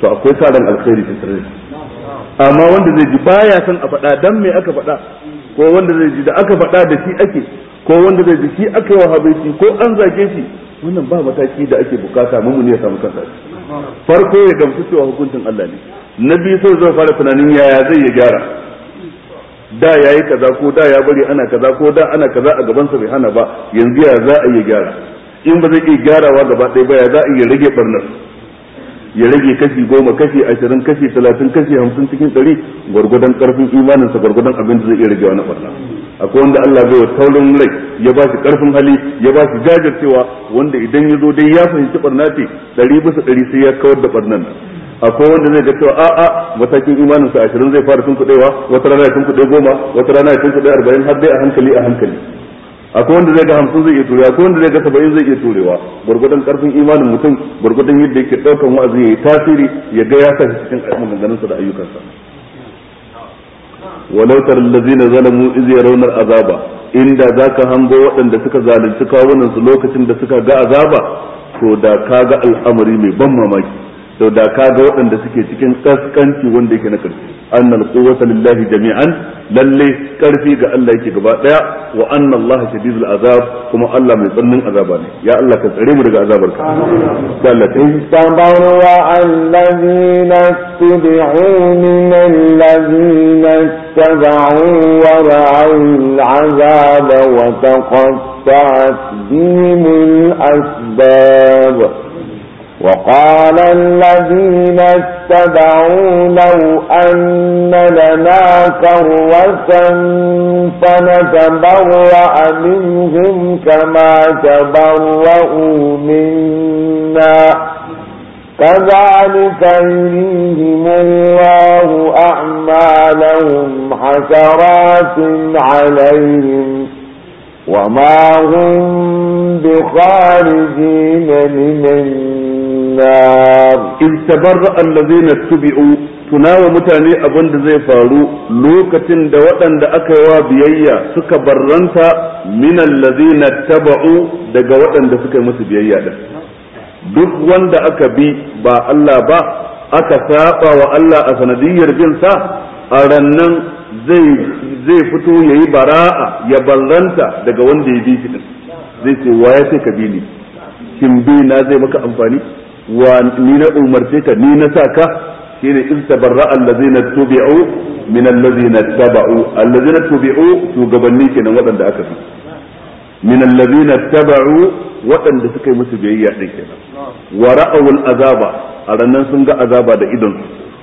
to akwai karan alkhairi ta tare amma wanda zai ji baya san a faɗa dan me aka faɗa ko wanda zai ji da aka faɗa da shi ake ko wanda zai ji shi aka yi wa habaici ko an zage shi wannan ba mataki da ake bukata mu ne ya samu kansa farko ya gamsu cewa hukuncin Allah ne na biyu sai zai fara tunanin yaya zai ya gyara da yayi kaza ko da ya bari ana kaza ko da ana kaza a gaban sa bai hana ba yanzu ya za a yi gyara in ba zai iya gyarawa gaba ɗaya ba ya za a iya rage barnar ya rage kashi goma kashi ashirin kashi talatin kashi hamsin cikin ɗari gwargwadon ƙarfin imaninsa gwargwadon abin da zai iya rage wani ɓarna akwai wanda Allah bai wa taurin rai ya ba shi ƙarfin hali ya ba shi jajircewa wanda idan ya zo dai ya fahimci barna ce ɗari bisa ɗari sai ya kawar da barnan akwai wanda zai ga cewa a'a matakin imaninsa ashirin zai fara tunkuɗewa wata rana ya tunkuɗe goma wata rana ya tunkuɗe arba'in har dai a hankali a hankali akwai wanda zai ga hamsin zai iya turewa akwai wanda zai ga saba'in zai iya turewa gwargwadon karfin imanin mutum gwargwadon yadda yake ɗaukan wa'azi ya yi tasiri ya ga ya sa shi cikin maganganunsa da ayyukansa walau lazina zana zalamu izi raunar azaba inda za ka hango waɗanda suka zalunci kawunan lokacin da suka ga azaba to da ka ga al'amari mai ban mamaki to da ka ga waɗanda suke cikin kaskanci wanda yake na ƙarfi annal quwwata lillahi jami'an lalle ƙarfi ga Allah yake gaba daya wa anna Allah shadidul azab kuma Allah mai tsananin azaba ne ya Allah ka tsare mu daga azabar ka Allah ta yi sabaru
allazina tubi'u min allazina tabu wa ra'u al'azaba wa taqatta'at bihim al-asbab وقال الذين اتبعوا لو أن لنا كروة فنتبرأ منهم كما تبرؤوا منا كذلك يريهم الله أعمالهم حسرات عليهم وما هم بخارجين من
النار إذ تبرأ الذين اتبعوا tunawa mutane abin da zai faru lokacin da waɗanda aka yi wa biyayya suka barranta minan lazina taba'u daga waɗanda suka yi musu biyayya ɗin duk wanda aka bi ba Allah ba aka saba wa Allah a sanadiyyar bin sa a rannan zai fito ya yi bara'a ya barranta daga wanda ya bi shi ɗin zai ce wa ya ce ka bi ni kin bi na zai maka amfani wa ni na umarce ka ni na sa ka shine in tabarra allazina tubi'u min allazina taba'u allazina tubi'u shugabanni kenan waɗanda aka bi min allazina taba'u waɗanda suka yi musu biyayya din kenan wa ra'awul azaba a ranan sun ga azaba da idon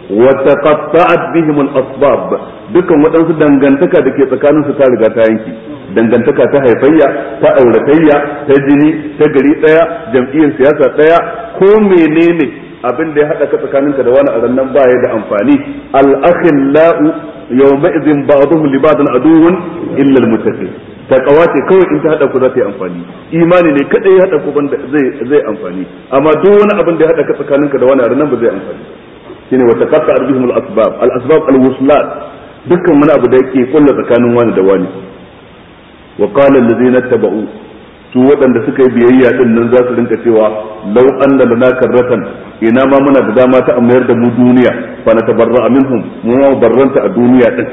wa taqatta'at bihim al-asbab dukan waɗansu dangantaka da ke tsakanin su ta riga ta yanki dangantaka ta haifayya ta auratayya ta jini ta gari daya jam'iyyar siyasa daya ko menene abin da ya hada ka tsakaninka da wani aran nan baya da amfani al-akhillau yawma idhin ba'dhum li ba'dhin aduwwun illa al-muttaqin takawa ce kawai in ta hada ku za ta yi amfani imani ne kadai ya hada ku banda zai zai amfani amma duk wani abin da ya hada ka tsakaninka da wani aran nan ba zai amfani shine wata taqatta bihim al-asbab al-asbab al-wuslat dukkan wani abu da yake kulla tsakanin wani da wani wa qala allazina tabau su waɗanda suka yi biyayya din nan za su rinka cewa law anna lana karratan ina ma muna da dama ta amayar da mu duniya fa na tabarra minhum mu ma barranta a duniya din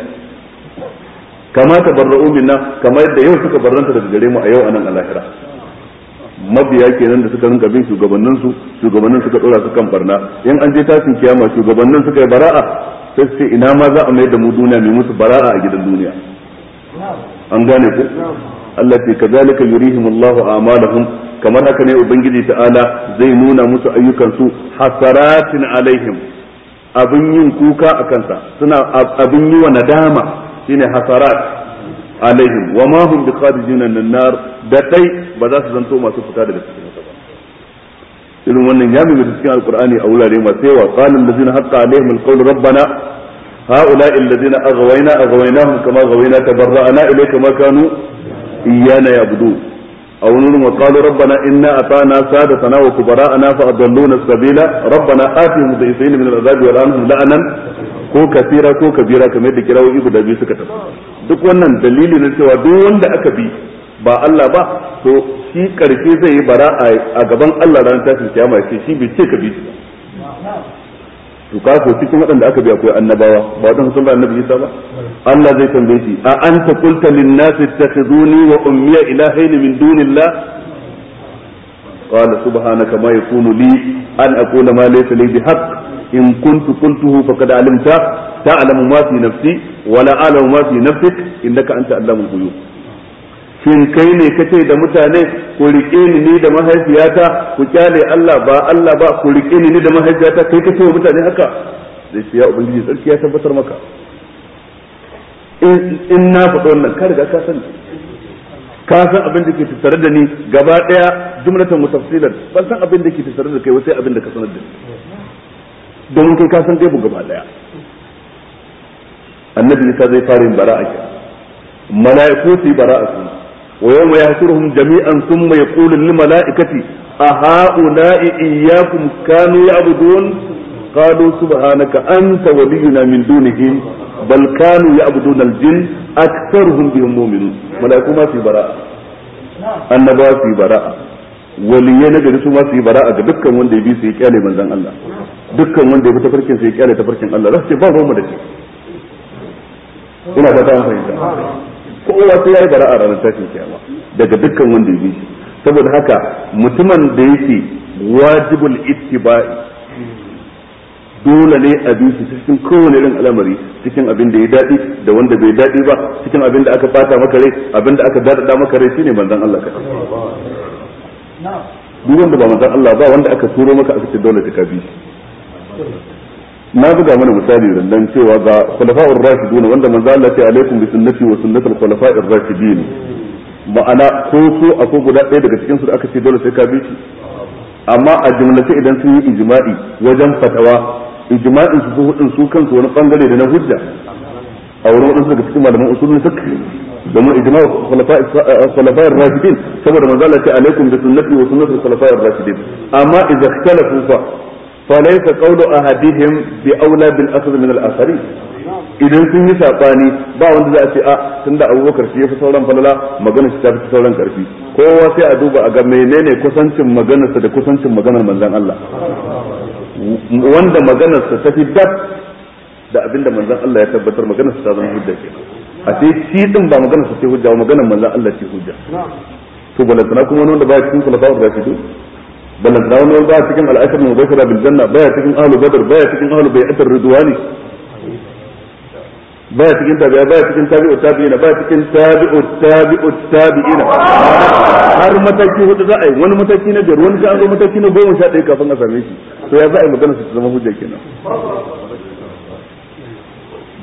kama tabarra'u minna kama yadda yau suka barranta daga gare mu a yau anan a mabiya kenan da suka rinka bin shugabannin su shugabannin suka dora su kan barna in an je tashin kiyama shugabannin suka yi bara'a sai su ce ina ma za a mai da mu duniya mai musu bara'a a gidan duniya an gane ku Allah ce kazalika Allahu a'malahum kamar haka ne ubangiji ta'ala zai nuna musu ayyukan su hasaratin alaihim abin yin kuka a kansa suna abin yi wa nadama shine hasarat alaihim wa ma hum biqadijuna nan nar da dai ba za su zanto masu fita daga cikin haka ba irin wannan ya mimi cikin alqur'ani a wurare masu yawa qalan allazina haqqa alaihim alqawlu rabbana هؤلاء الذين أغوينا أغويناهم كما غوينا تبرأنا إليك ما كانوا إيانا يعبدون أو نور وقالوا ربنا إنا أطعنا سادتنا وكبراءنا فأضلونا السبيل ربنا آتهم ضعفين من العذاب والعنهم لعنا ko kasira ko kabira kamar da kirawo ibu da biyu suka tafi duk wannan dalili na cewa duk wanda aka bi ba Allah ba to shi karfe zai yi bara'a a gaban Allah ranar tashin kiyama ce shi bai ce ka bi shi ba to ka ko cikin waɗanda aka bi akwai annabawa ba don sun ba annabi Isa ba Allah zai tambaye shi a anta qulta lin nas ittakhizuni wa ummiya ilahin min dunillah qala subhanaka ma yakunu li an aqula ma laysa li bihaqq in kuntu qultuhu faqad alimta ta'lamu ma fi nafsi wa la a'lamu ma fi nafsik innaka anta allamul ghuyub shin kai ne kace da mutane ku rike ni ni da mahaifiyata ku kyale Allah ba Allah ba ku rike ni ni da mahaifiyata kai kace wa mutane haka zai ce ya ubangiji sarki ya tabbatar maka in na faɗo wannan ka riga ka san ka san abin da ke tattare da ni gaba daya jumlatan mutafsilan ban san abin da ke tattare da kai wasu abin da ka sanar da ni don kai ka san gaibu gaba daya annabi ka zai fara yin bara'a ke mala'iku su yi bara'a su ويوم يحشرهم جميعا ثم يقول للملائكة أهؤلاء إياكم كانوا يعبدون قالوا سبحانك أنت ولينا من دونهم بل كانوا يعبدون الجن أكثرهم بهم مؤمنون ملائكة ما في براءة النبا في براءة waliyyai na gari su ma su yi bara'a ga dukkan wanda ya bi su yi kyale manzon Allah dukkan wanda ya bi tafarkin su yi kyale tafarkin Allah za su ce ba ruwan mu da ce ina ta ta fahimta kowa sai ya yi bara a ranar tashin kiyama daga dukkan wanda ya bishi saboda haka mutumin da yake wajibul ittiba'i dole ne a bishi cikin kowane irin al'amari cikin abin da ya daɗi da wanda bai daɗi ba cikin abin da aka bata maka rai abin da aka daɗaɗa maka rai shine manzon Allah ka duk wanda ba manzon Allah ba wanda aka turo maka a ce dole ka bi na buga mana misali dan cewa ga khulafa'ur rashidun wanda manzo Allah ya ce alaikum bi sunnati wa sunnatul khulafa'ir rashidin ma'ana ko so akwai guda ɗaya daga cikin su da aka ce dole sai ka bi shi amma a jumlace idan sun yi ijma'i wajen fatawa ijma'in su hudun su kansu wani bangare da na hujja a wurin wadansu daga cikin malaman usulun fiqh domin ijma'u khulafa'ir rashidin saboda manzo Allah ya ce alaikum bi sunnati wa sunnatul khulafa'ir rashidin amma idza ikhtalafu fa فليس قول احدهم باولى بالاخذ من الاخرين idan sun yi sabani ba wanda za a ce a tun da abubakar shi ya fi sauran falala magana shi ta fi sauran karfi kowa sai a duba a ga menene kusancin maganarsa da kusancin maganar manzon Allah wanda maganarsa ta fi dab da abinda manzon Allah ya tabbatar maganarsa ta zama hujja ke a sai shi din ba maganarsa ce hujja ba maganar manzon Allah ce hujja to balantana kuma wanda ba cikin khulafa'ur rashidun balan da wani ba cikin al'ashar mu bashara bil janna baya cikin ahlu badr baya cikin ahlu bai'atar ridwani baya cikin tabi'a baya cikin tabi'u tabi'ina baya cikin tabi'u tabi'u tabi'ina har mataki hudu za a yi wani mataki na biyar wani an zo mataki na goma sha ɗaya kafin a same shi to ya za a yi magana su zama hujja kenan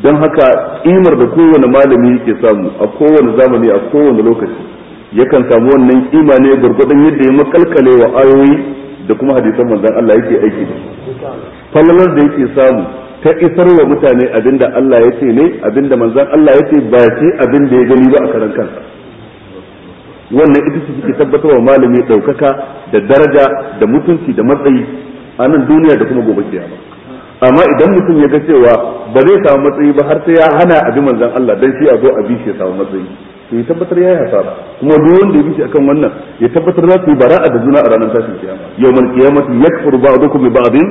don haka imar da kowane malami yake samu a kowane zamani a kowane lokaci yakan samu wannan kima ne gurgudun yadda ya makalkale wa ayoyi da kuma hadisan manzon Allah yake aiki da fallalar da yake samu ta isar wa mutane abinda Allah ya ce ne abinda manzon Allah ya ce ba shi abinda ya gani ba a karan kansa wannan ita ce tabbatar wa malami daukaka da daraja da mutunci da matsayi a nan duniya da kuma gobe kiyama amma idan mutum ya ga cewa ba zai samu matsayi ba har sai ya hana abin manzon Allah dan shi a zo a bi shi ya samu matsayi to ya tabbatar ya hasara kuma duk wanda ya bishi akan wannan ya tabbatar za su yi bara'a da juna a ranar tashin kiyama yawmal qiyamati yakfuru ba'dukum bi ba'din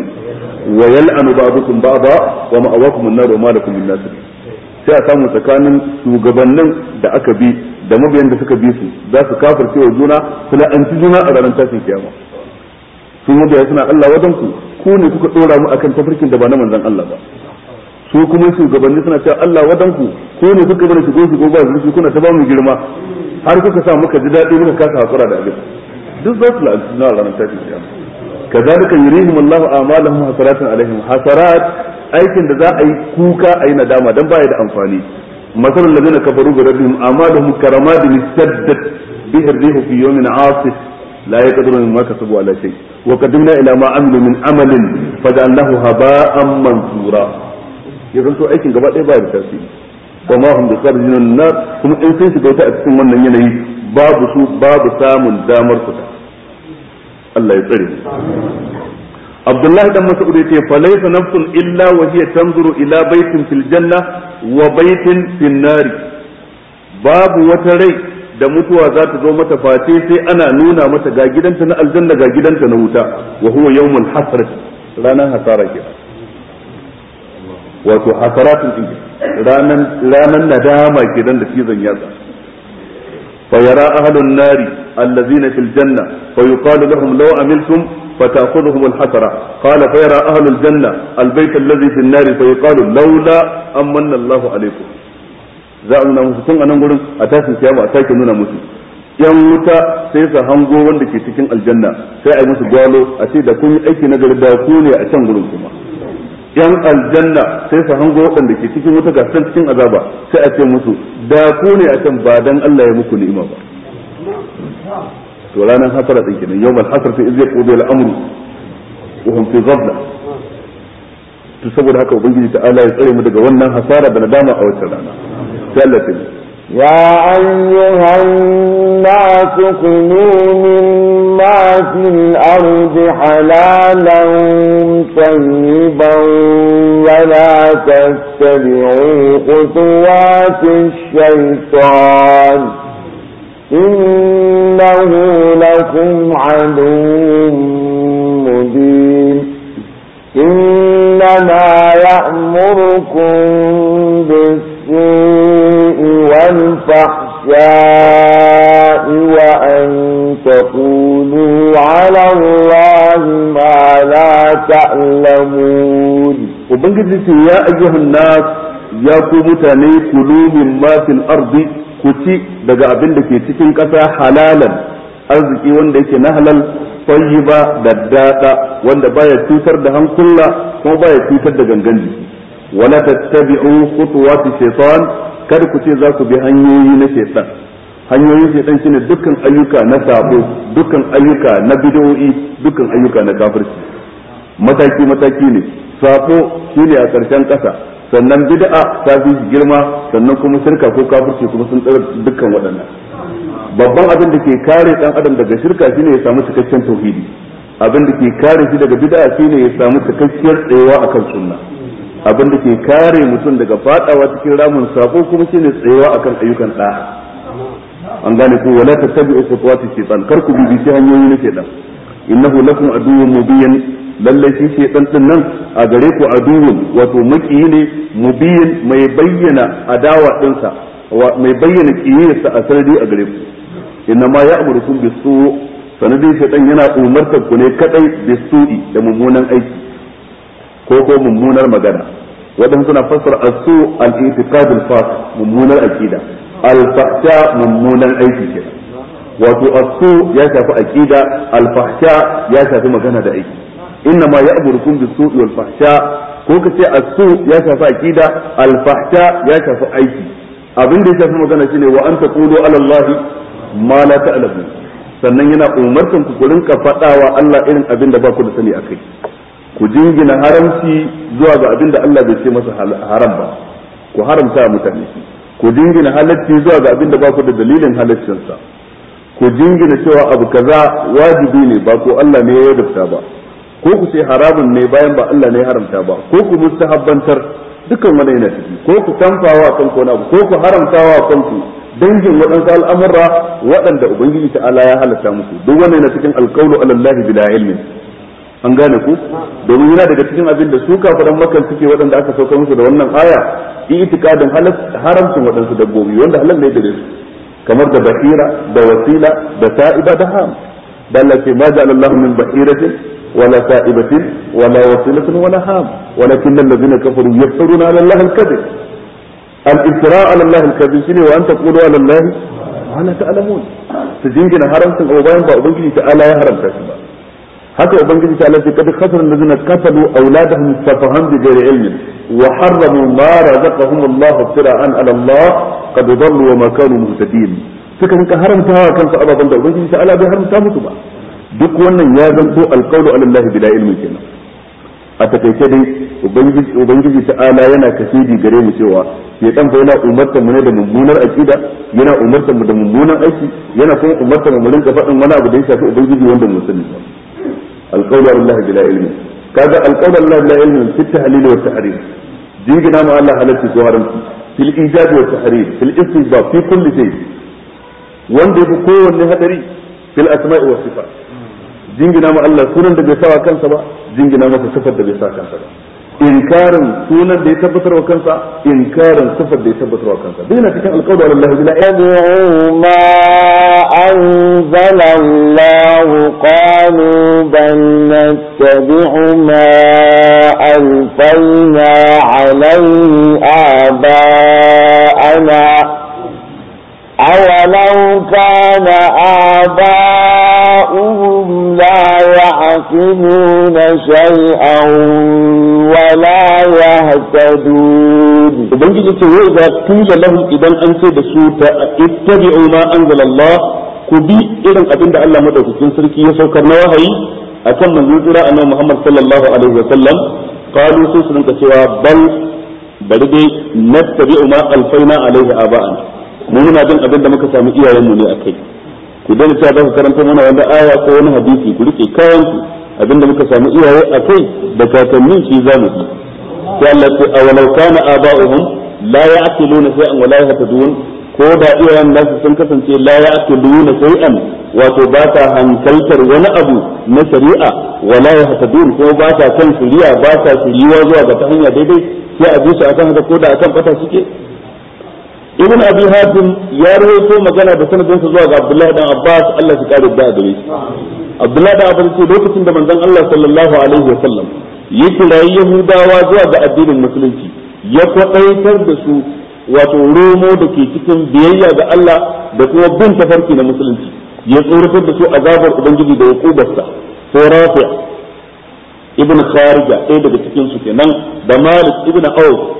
wa yal'anu ba'dukum ba'da wa ma'awakum an-nar wa ma lakum min nasir sai a samu tsakanin shugabannin da aka bi da mabiyan da suka bi su za su kafirce wa juna su la'anci juna a ranar tashin kiyama su mabiya suna Allah wajen ku ku ne kuka dora mu akan tafarkin da ba na manzon Allah ba su kuma shugabanni suna cewa Allah wadanku ku ne kuka mana shigo shigo ba zurfi kuna ta ba mu girma har kuka sa muka ji daɗi muka kasa hakura da abin duk za su la'anci na ranar tafi kiyama kazalika yurihim Allahu a'malahum hasaratan alaihim hasarat aikin da za a yi kuka a yi nadama dan baya da amfani مثل الذين كفروا بربهم أعمالهم كرماد اشتدت به الريح في يوم عاصف لا يقدرون مما كسبوا على شيء وقدمنا إلى ما عملوا من عمل فجعلناه هباء منثورا ya zanto aikin gaba ɗaya ba da tasiri wa ma hum bisarjin nar kuma in sun shiga wuta a cikin wannan yanayi babu su babu samun damar fita Allah ya tsare Abdullah dan Mas'ud yace fa laysa nafsun illa wa hiya tanzuru ila baitin fil janna wa baitin fil nar babu wata rai da mutuwa za ta zo mata face sai ana nuna mata ga gidanta na aljanna ga gidanta na wuta wa huwa yawmul hasrat ranar hasara kenan wato hasaratun din ranan ranan nadama kidan da cizon yatsa fa yara ahlun nari allazina fil janna fa yuqalu lahum law amiltum فتأخذهم الحسرة قال فيرى أهل الجنة البيت الذي في النار فيقال لولا أمن الله عليكم a musu tun a nan a tashin kiyama a sake nuna musu yan wuta sai su ke cikin aljanna sai musu gwalo a ce da aiki na gari ne a can gurin kuma yan aljanna sai su hango waɗanda ke cikin wuta gasar cikin azaba sai a ce musu da ku ne a can ba dan Allah ya muku ni'ima ba to ranar hasara din kenan yawmal ta idh yaqudu al-amru wa hum fi ghadla to saboda haka ubangiji ta'ala ya tsare mu daga wannan hasara da nadama a wata rana sai Allah يا أيها الناس
كلوا مما في الأرض حلالا طيبا ولا تتبعوا خطوات الشيطان إنه لكم عدو مبين إنما يأمركم بالسلام بالسوء والفحشاء وأن تقولوا على الله ما لا
تعلمون وبنجد يا أيها الناس يا كمتني كلوا مما في الأرض كتي daga abin da ke cikin ƙasa halalan arziki wanda yake na halal tayyiba da dada wanda baya cutar da hankula kuma baya cutar da gangan jiki wala tattabi'u khutuwati shaytan kada ku ce za ku bi hanyoyi na shaytan hanyoyin shaytan shine dukkan ayyuka na sabo dukkan ayyuka na bid'o'i dukkan ayyuka na kafirci mataki mataki ne sabo shine a karshen kasa sannan bid'a ta fi girma sannan kuma shirka ko kafirci kuma sun tsara dukkan waɗannan babban abin da ke kare dan adam daga shirka shine ya samu cikakken tauhidi abin da ke kare shi daga bid'a shine ya samu cikakkiyar tsayawa akan sunna abin da ke kare mutum daga fadawa cikin ramin sako kuma shine tsayawa akan ayyukan da'a an gane ko wala ta tattabi'u khutuwati shaytan kar ku bibi hanyoyi na shaytan innahu lakum aduwwun mubin lalle shi shaytan din nan a gare ku aduwwun wato maki ne mubin mai bayyana adawa sa mai bayyana kiyayarsa a sarari a gare ku inna ma ya'murukum bis-su' sanadin shaytan yana umartar ku ne kadai bis-su'i da mummunan aiki ko ko mummunar magana wadansu suna fassara asu al-i'tiqad al-fas mummunar aqida al-fahsha mummunar aiki ke wato asu ya shafi aqida al-fahsha ya shafi magana da aiki inna ma ya'murukum bis-su'i wal-fahsha ko kace asu ya shafi aqida al-fahsha ya shafi aiki abin da ya shafi magana shine wa anta qulu ala Allah ma la ta'lamu sannan yana umartan ku ku rinka fadawa Allah irin abin da ba ku da sani akai ku jingina haramci zuwa ga abin da Allah bai ce masa haram ba ku haramta mutane ku jingina halacci zuwa ga abin da ba ku da dalilin halaccinsa ku jingina cewa abu kaza wajibi ne ba ko Allah ne ya wajabta ba ko ku ce haramun ne bayan ba Allah ne ya haramta ba ko ku mustahabbantar dukkan wani yana ciki ko ku tamfawa kan ko na ko ku haramtawa kan ku dangin waɗansu al'amura waɗanda ubangiji ta'ala ya halatta muku duk wannan yana cikin alqawlu alallahi Allah bila ilmin an gane ku domin yana daga cikin abin da su kafiran makan suke waɗanda aka sauka musu da wannan aya yi itikadin haramcin waɗansu dabbobi wanda halal ne da su kamar da bahira da wasila da sa'iba da ham da Allah ce ma ja'ala Allah min bahiratin wala sa'ibatin wala wasilatin wala ham walakin allazina kafaru yaftaruna ala Allah al-kadhib al-iftira ala Allah al-kadhib shine wa an taqulu ala Allah wa la ta'lamun su jingina haramcin abu bayan ba ubangiji ta ala ya haramta shi ba haka ubangiji ta Allah kad khasara allazina qatalu awladahum safahan bi ghairi ilmin wa harramu ma razaqahum Allah tira'an ala Allah qad dallu wa ma kanu muhtadin suka rinka haramta wa kansu ababan da ubangiji ta Allah bai haramta musu ba duk wannan ya zanto alqawlu ala Allah bila ilmin kenan a takaice dai ubangiji ala yana kasidi gare mu cewa ya dan fa yana umartar mu ne da mummunar aqida yana umartar mu da mummunan aiki yana kuma umartar mu rinka faɗin wani abu da ya shafi ubangiji wanda mu sani ba alqawlu lillahi bila ilmi kaga alqawlu lillahi bila ilmi fi tahlil wa tahrim jingina ma Allah halatti ko haramci fil ijab wa tahrim fil istijab fi kulli shay wanda yafi kowanne hadari fil asma'i wa sifat jingina ma Allah sunan da bai sawa kansa ba jingina masa sifar da bai sa kansa ba inkarin sunan da ya tabbatar wa kansa inkarin sifar da ya tabbatar wa kansa duk na cikin alƙawari wa lillahi bila yadu ma
anzala Allah qalu bal nattabi'u ma alfayna alayhi aba'ana awalau kana aba'uhum la يعقلون شيئا ولا يهتدون ubangiji ce wai
da kila lahum idan an ce da su ta ittabi'u ma anzalallah ku bi irin abinda Allah madaukakin sarki ya saukar na wahayi akan manzon tsira annabi Muhammad sallallahu alaihi wa sallam qalu sai su cewa bal bari dai nattabi'u ma alfaina alaihi aba'an mu muna bin abinda muka sami iyayenmu ne akai idan ta cewa za ku karanta mana wani aya ko wani hadisi ku rike kayan ku abinda muka samu iyaye a kai da kakannin shi za mu yi sai Allah ce awalau kana aba'uhum la ya'qiluna shay'an wa la yahtadun ko da iyayen nasu sun kasance la ya'qiluna shay'an wato ba ta hankaltar wani abu na shari'a wa la yahtadun ko ba ta kan shari'a ba ta shiriwa zuwa ga ta hanya daidai sai a bi su akan haka ko da akan fata suke ibn abi hadin ya rawaito magana da sanadin sa zuwa ga abdullahi dan abbas Allah ya kare da gare shi abdullahi dan abbas ce lokacin da manzon Allah sallallahu alaihi wa sallam ya kirayi yahudawa zuwa ga addinin musulunci ya kwadaitar da su wato romo da ke cikin biyayya ga Allah da kuma bin tafarki na musulunci ya tsoratar da su azabar ubangiji da hukubarsa ko rafiya ابن kharija ايضا daga cikin su kenan da سكتي ibn aw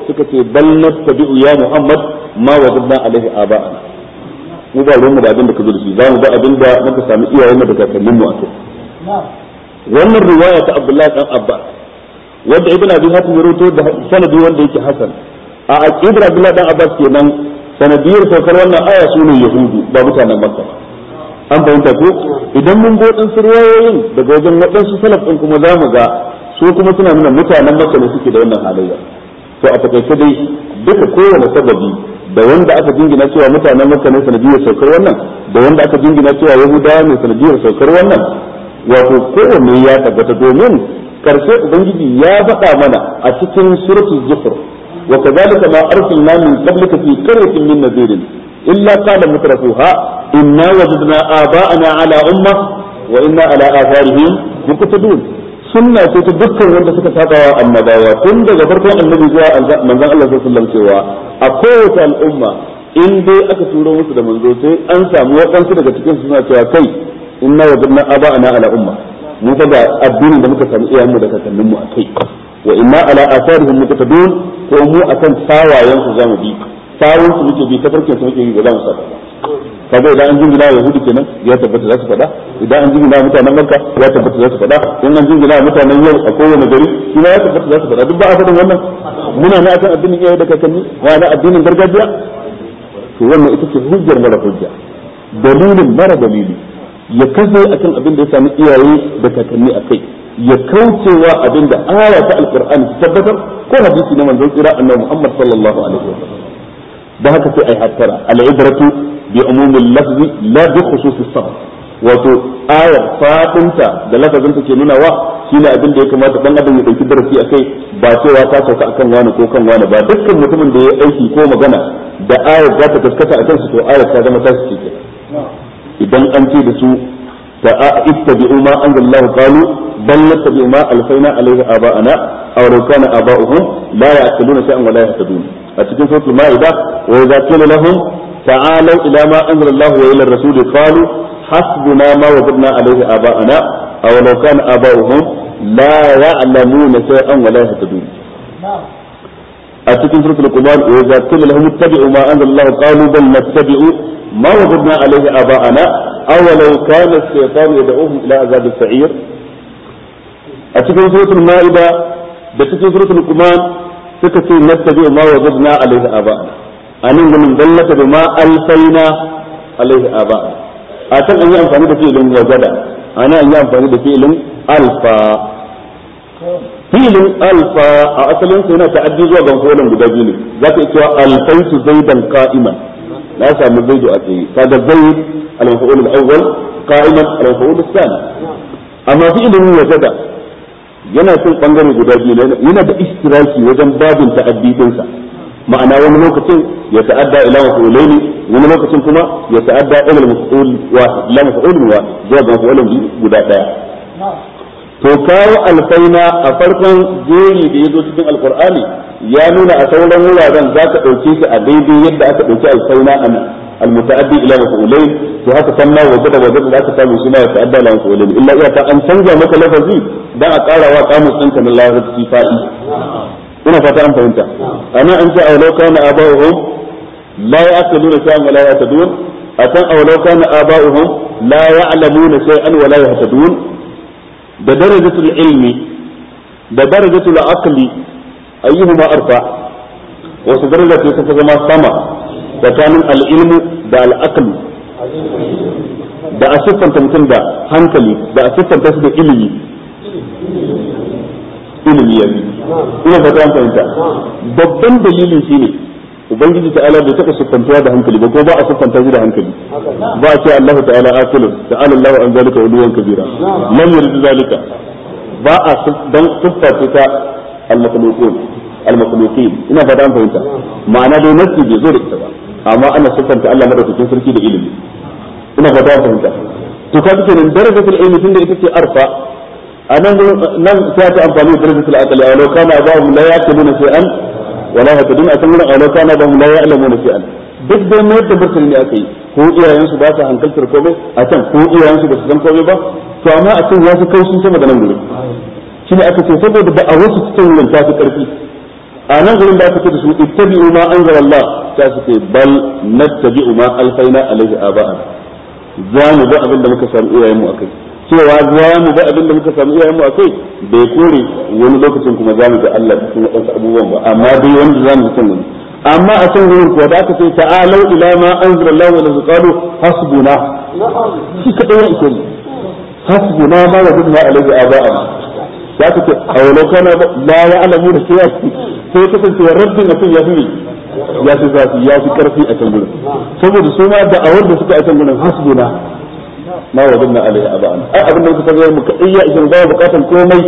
suka ce ما nattabi'u ya muhammad ma لهم alaihi aba'ana mu ba ruwan da abin da ka zo da shi zamu ba abin sami a to wannan riwaya ta abdullahi dan abba wanda ibn abi hatim ya da sanadi wanda yake hasan a aqidar abdullahi dan abbas kenan sanadiyar saukar wannan aya sune yahudu ba mutanen makka ba an fahimta ko idan mun ga waɗansu riwayoyin daga wajen waɗansu salaf ɗin kuma za mu ga su kuma suna nuna mutanen maka ne suke da wannan halayya to a takaice dai duka kowane sababi da wanda aka jingina cewa mutanen maka ne sanadiyar saukar wannan da wanda aka jingina cewa yahudawa ne sanadiyar saukar wannan wato kowanne ya tabbata domin karshe ubangiji ya faɗa mana a cikin suratul zufur wa kadhalika ma arsalna min qablika fi qaryatin min nadirin illa qala mutrafuha inna wajadna aba'ana ala umma wa inna ala atharihim muqtadun sunna ce ta dukkan wanda suka saba wa annabawa tun daga farkon annabi zuwa manzon Allah sallallahu alaihi wasallam cewa a kowace al'umma in dai aka tura musu da manzo sai an samu waɗansu daga cikin suna cewa kai inna wajadna aba'ana ala umma mu ga addinin da muka sami iyayenmu da kakanninmu a kai wa inna ala asarihim muqtadun ko mu akan tawayen su zamu bi tawun su muke bi tafarkin su muke bi za mu kaga idan an jingina wa yahudi kenan ya tabbata za su faɗa idan an jingina wa mutanen makka ya tabbata za su faɗa in an jingina wa mutanen yau a kowane gari shi ma ya tabbata za su faɗa duk ba a faɗin wannan muna na akan addinin iyaye da kakanni wa na addinin gargajiya to wannan ita ce hujjar mara hujja dalilin mara dalili ya kafe akan abin da ya sami iyaye da kakanni a kai ya kaucewa abin da aya ta alqur'ani tabbatar ko hadisi na manzon kira annabi Muhammad sallallahu alaihi wasallam da haka sai ai hattara al'ibratu bi umumil lafzi la bi wato ayar fadinta da lafazin take nuna wa shine abin da ya kamata dan adam ya dauki darasi akai ba cewa ta sauka akan wani ko kan wani ba dukkan mutumin da ya aiki ko magana da ayar za ta gaskata akan su to ayar ta zama ta ce idan an ce da su ta ittabi'u ma anzalallahu qalu bal nattabi'u ma alfaina alaihi aba'ana aw law kana aba'uhum la ya'qiluna shay'an wa la yahtadun a cikin suratul ma'ida wa idza qila lahum تعالوا إلى ما امر الله وإلى الرسول قالوا حسبنا ما وجدنا عليه آباءنا أولو كان آباؤهم لا يعلمون شيئا ولا يهتدون أتكن سورة القمار وإذا قيل لهم اتبعوا ما امر الله قالوا بل نتبع ما وجدنا عليه آباءنا أولو كان الشيطان يدعوهم إلى عذاب السعير أتكن سورة المائدة بتكن سورة القمار سكتوا نتبع ما وجدنا عليه آباءنا anan gunin dallata da ma alfaina alaihi aba a can an yi amfani da fi'ilin wajada ana an yi amfani da fi'ilin alfa fi'ilin alfa a asalin sa yana ta'addi zuwa ga kolon guda biyu ne zaka iya cewa alfaitu zaidan ka'iman na samu zaidu a tsaye kaga zaid al-maf'ul al-awwal qa'iman al-maf'ul al-thani amma fi'ilin wajada yana cin bangare guda biyu yana da istiraki wajen babin ta'addidinsa ma'ana wani lokacin ya ta'adda ila mafulaini wani lokacin kuma ya ta'adda ila maful wa la wa zuwa ga biyu guda daya to kawo alfaina a farkon jeri da zo cikin alkur'ani ya nuna a sauran wuraren ka ɗauke shi a daidai yadda aka ɗauki alfaina anan المتعدي الى مفعولين وهكا سمى وجد وجد لا تسامي شما يتعدى an canza الا اذا ان تنجى متى لفظي ده اقال وقام انت na الله رب ina fata an fahimta ana an ce aulau kana aba'uhum la ya'qiluna shay'an wa yahtadun aulau kana aba'uhum la ya'lamuna shay'an yahtadun da darajatul ilmi da darajatul aqli ayyuhuma arfa ta zama sama tsakanin al-ilmu da al-aql da mutum da hankali da a su da ilimi ilimi ya ina fata an fahimta babban dalilin shine ubangiji ta'ala bai taka siffantuwa da hankali ba kuma ba a siffanta shi da hankali ba a ce Allah ta'ala akilun ta'ala Allah an zalika uluwan kabira man yuridu zalika ba a dan siffanta ta al-makhluqun al-makhluqin ina fata an fahimta ma'ana dai nasi bai zo da ita ba amma ana siffanta Allah madaukakin sarki da ilimi ina fata an fahimta to ka kenan darajatul ilmi tunda ita ce arfa a nan nan sai ta amfani da a aqli aw kana ba'um la yaqiluna shay'an wa la yaqiluna a a gurin aw kana ba'um la ya'lamuna shay'an duk da mai da martani ne aka yi ko su ba su hankaltar komai a can ko iyayensu ba su san komai ba to amma a can ya fi kaushin sama da nan gurin shi ne aka ce saboda ba a wasu cikin wurin ta fi karfi a nan gurin da aka ce da su ittabi'u ma anzala Allah ta su ce bal nattabi'u ma alfaina alaihi aba'ana za mu ga abin da muka samu iyayenmu akai cewa za mu ga abin da muka samu iyayen mu akai bai kore wani lokacin kuma za mu ga Allah cikin waɗansu abubuwan ba amma dai wanda za mu san wani amma a can gurin kuwa da aka ce ta'alau ila ma anzalallahu wa rizqalu hasbuna shi kadai ya ike hasbuna ma wajadna alayhi aba'ana za ka ce a walau kana la ya alamu da sai sai kasance rabbin mutum ya fi ya fi zafi ya fi karfi a can gurin saboda su ma da awar da suka a can gurin hasbuna ما وجدنا عليه ابا انا ابن نبي صلى الله عليه قاتل كومي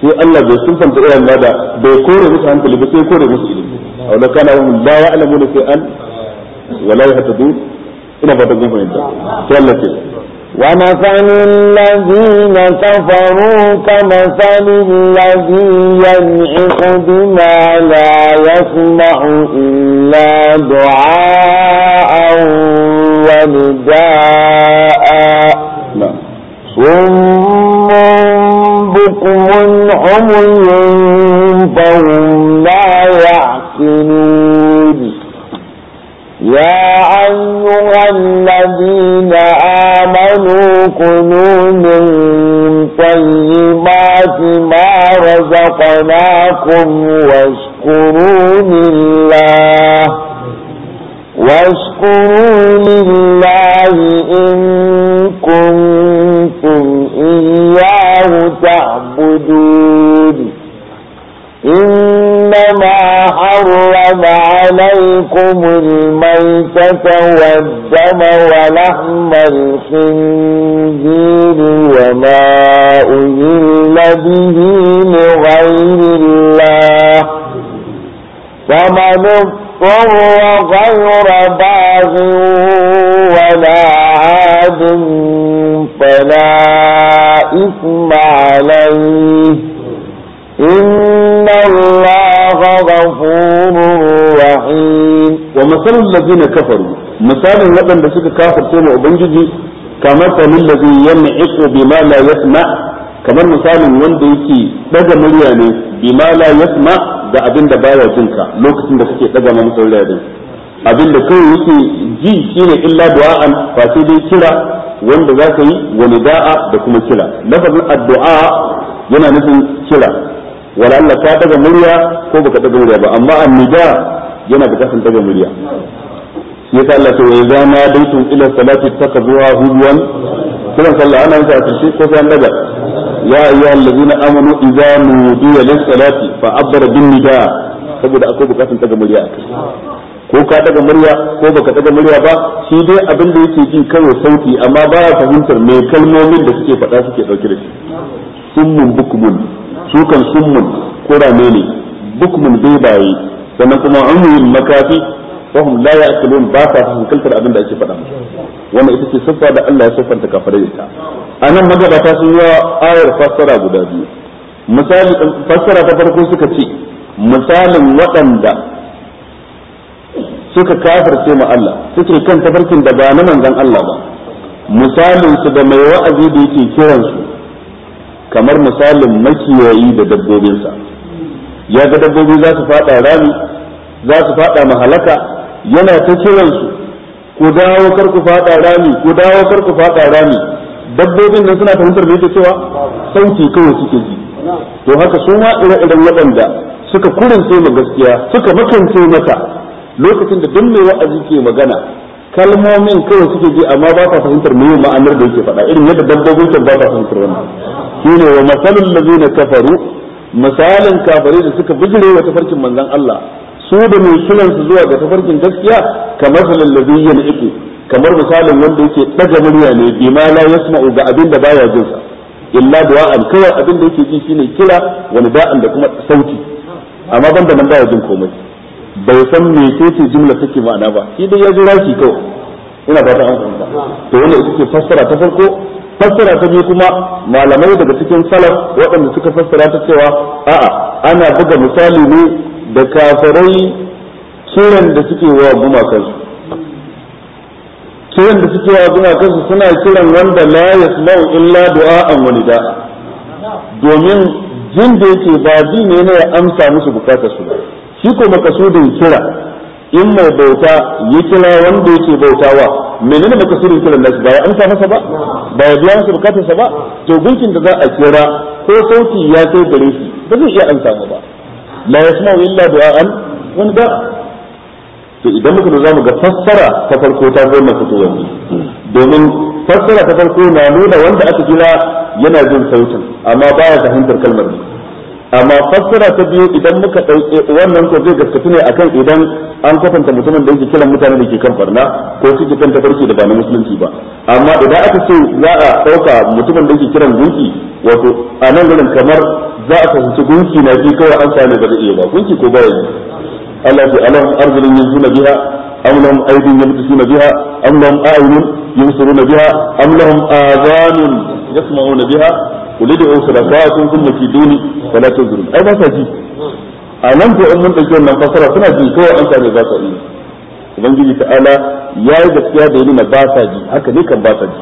سي الله بي سنتم تو ايان لادا بي كوري بس انت لي بي كوري او لو كان هم لا يعلمون شيئا ولا يهتدون الى بابا جنبه انت تيلا تيلا
ومثل الذين كفروا كمثل الذي ينعق بما لا يسمع إلا دعاء ونداء ثم بكم عمي فهم لا يا أيها الذين آمنوا كنوا من طيبات رزقناكم واشكروا لله واشكروا لله إن كنتم إياه تعبدون إنما حرم عليكم الميتة والدم ولحم الخنزير وما أهل به لغير الله فمن مضطر غير باغ ولا عاد فلا إثم عليه إن الله غفور رحيم
ومثل الذين كفروا مثال لبن بسك كافر سيما وبنجدي كمثل الذي ينعق بما لا يسمع kamar مثال من يكي daga murya بما لا يسمع da abin da baya jin ka lokacin da kake daga masa wuraren abin da kai yake ji shine illa du'a fa sai dai kira wanda za ka yi wa nida'a da kuma kira lafazin addu'a yana nufin kira wala Allah ka daga murya ko baka daga murya ba amma annida yana da kasan daga murya shi yasa Allah to idza nadaytum ila salati takazuha hudwan kiran sallah ana yin ta a ko sai an daga ya ayyuhal الذين amanu idza نودي lis salati بالنداء abbara bin بكاس saboda akwai daga murya ko ka daga murya ko baka daga murya ba shi dai abin da yake ji kawai sauti amma ya fahimtar me kalmomin da suke faɗa suke ɗauke da shi summun bukmun sukan kan summun kurame ne bukmun bai baye sannan kuma yi makafi fahum la ya'qilun ba sa hankaltar abin da ake faɗa musu wannan ita ce siffa da Allah ya siffanta kafirai da ta anan magabata sun yi ayar fassara guda biyu misali fassara ta farko suka ce misalin waɗanda suka kafirce ma Allah suke kan tafarkin da ba na manzon Allah ba misalin su da mai wa'azi da yake kiransu kamar misalin makiyayi da dabbobinsa ya ga dabbobi za su faɗa rami za su fada mahalaka yana ta kiransu ku dawo kar ku fada rami ku dawo kar ku fada rami dabbobin nan suna fahimtar da yake cewa sauti kawai suke ji to haka su ma ire-iren waɗanda suka kurince mu gaskiya suka makance mata lokacin da duk mai wa'azi ke magana kalmomin kawai suke ji amma ba ta fahimtar meye ma'anar da yake faɗa irin yadda dabbobin kan ba ta fahimtar wannan shine wa masalul ladina kafaru misalin kafari da suka bijire wa tafarkin manzon Allah su da mai kiran su zuwa ga tafarkin gaskiya kamar salal ladiyyan iku kamar misalin wanda yake ɗaga murya ne bi ma la yasma'u ga abin da baya jin sa illa du'a'an kawai abin da yake ji shine kira wani da'an da kuma sauti amma banda nan baya jin komai bai san me ce jumla take ma'ana ba shi dai ya ji rashi kawai ina fata an fahimta to wannan ita ce fassara ta farko fassara ta biyu kuma malamai daga cikin salaf waɗanda suka fassara ta cewa a'a ana buga misali ne da kafirai kiran da suke wa kansu kiran da suke wa kansu suna kiran wanda la yasma'u illa du'a'an wa walida domin jin da yake ba ji ne ya amsa musu bukatar su shi ko makasudin kira in mai bauta ya kira wanda yake bautawa menene makasudin kiran nasu ba ya amsa masa ba ba ya biya masa bukatarsa ba to gunkin da za a kira ko sauti ya kai gare shi ba zai iya amsa ba la suna illa du'a'an wani to idan muka za mu ga fassara ta farko ta zo na fito yanzu domin fassara ta farko na nuna wanda aka kira yana jin sautin amma baya fahimtar kalmar ne amma fassara ta biyu idan muka ɗauke wannan ko zai gaskata ne akan idan an kwatanta mutumin da yake kiran mutane da ke kan farna ko suke kan tafarki da ba na musulunci ba amma idan aka ce za a ɗauka mutumin da yake kiran gunki wato a nan gurin kamar za a fahimci gunki na ji kawai an sani ba zai iya ba gunki ko baya Allah ya alam arzulin na biha am lahum aydin yamtusuna biha am lahum a'yunun yunsuruna biha am lahum adhanun yasma'una biha kul da shurakakum thumma duni fala tuzrun ai ba sa ji a nan ko in mun dauki wannan fasara suna ji ko an same ba sa ubangiji ta'ala yayi gaskiya da yana ba sa ji haka ne kan ba sa ji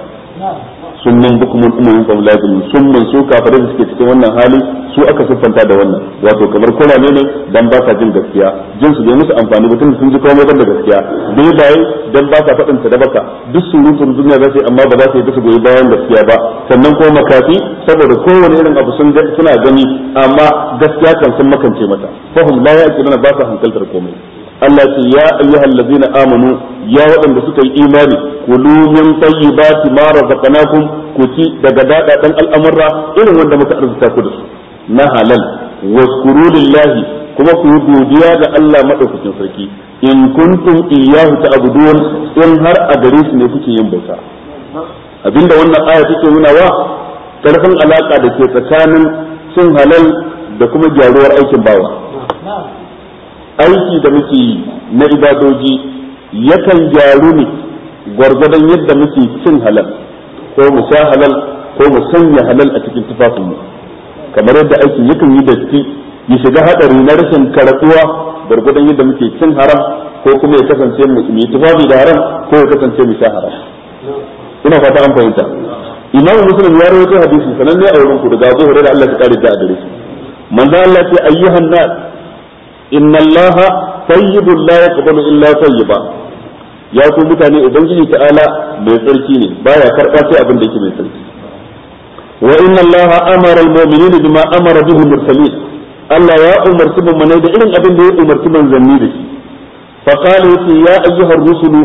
summun bukumun umumin fa la sun summun su kafare da suke cikin wannan hali su aka siffanta da wannan wato kamar kurame ne dan ba sa jin gaskiya jin su bai musu amfani ba tunda sun ji komai dan da gaskiya bai bai dan ba sa faɗin ta da baka duk surutun duniya za su yi amma ba za su yi su goyi bayan gaskiya ba sannan kuma makafi saboda kowane irin abu sun suna gani amma gaskiya kan sun makance mata fahum la yaqiluna ba sa hankaltar komai Allah ce ya ayyuhallazina amanu ya waɗanda suka yi imani kulu min tayyibati ma razaqnakum ku daga daga dan al'amurra irin wanda muka arzuta ku da su na halal waskuru lillahi kuma ku godiya ga Allah madaukakin sarki in kuntum iyyahu ta'budun in har a gare shi ne kuke yin bauta abinda wannan aya take nuna wa karfin alaka da ke tsakanin cin halal da kuma gyaruwar aikin bawa aiki da muke yi na ibadoji yakan gyaru ne gwargwadon yadda muke cin halal ko mu sha halal ko mu sanya halal a cikin tufafinmu kamar yadda aikin yakan yi datti ya shiga hadari na rashin karatuwa gwargwadon yadda muke cin haram ko kuma ya kasance mu yi tufafi da haram ko ya kasance mu sha haram ina fata an fahimta imam muslim ya rawaito hadisi sanan ne a wurin ku daga Abu da Allah ya kare da gare shi manzo Allah ce ayyuhan nas inna Allah tayyibul la yaqbalu illa tayyiba ya ku mutane ubangiji ta'ala mai tsarki ne baya karba sai abin da yake mai tsarki wa inna allaha amara almu'minina bima amara bihi mursalin Allah ya umarci mummune da irin abin da ya umarci manzanni da shi fa qala yati ya ayyuhar rusulu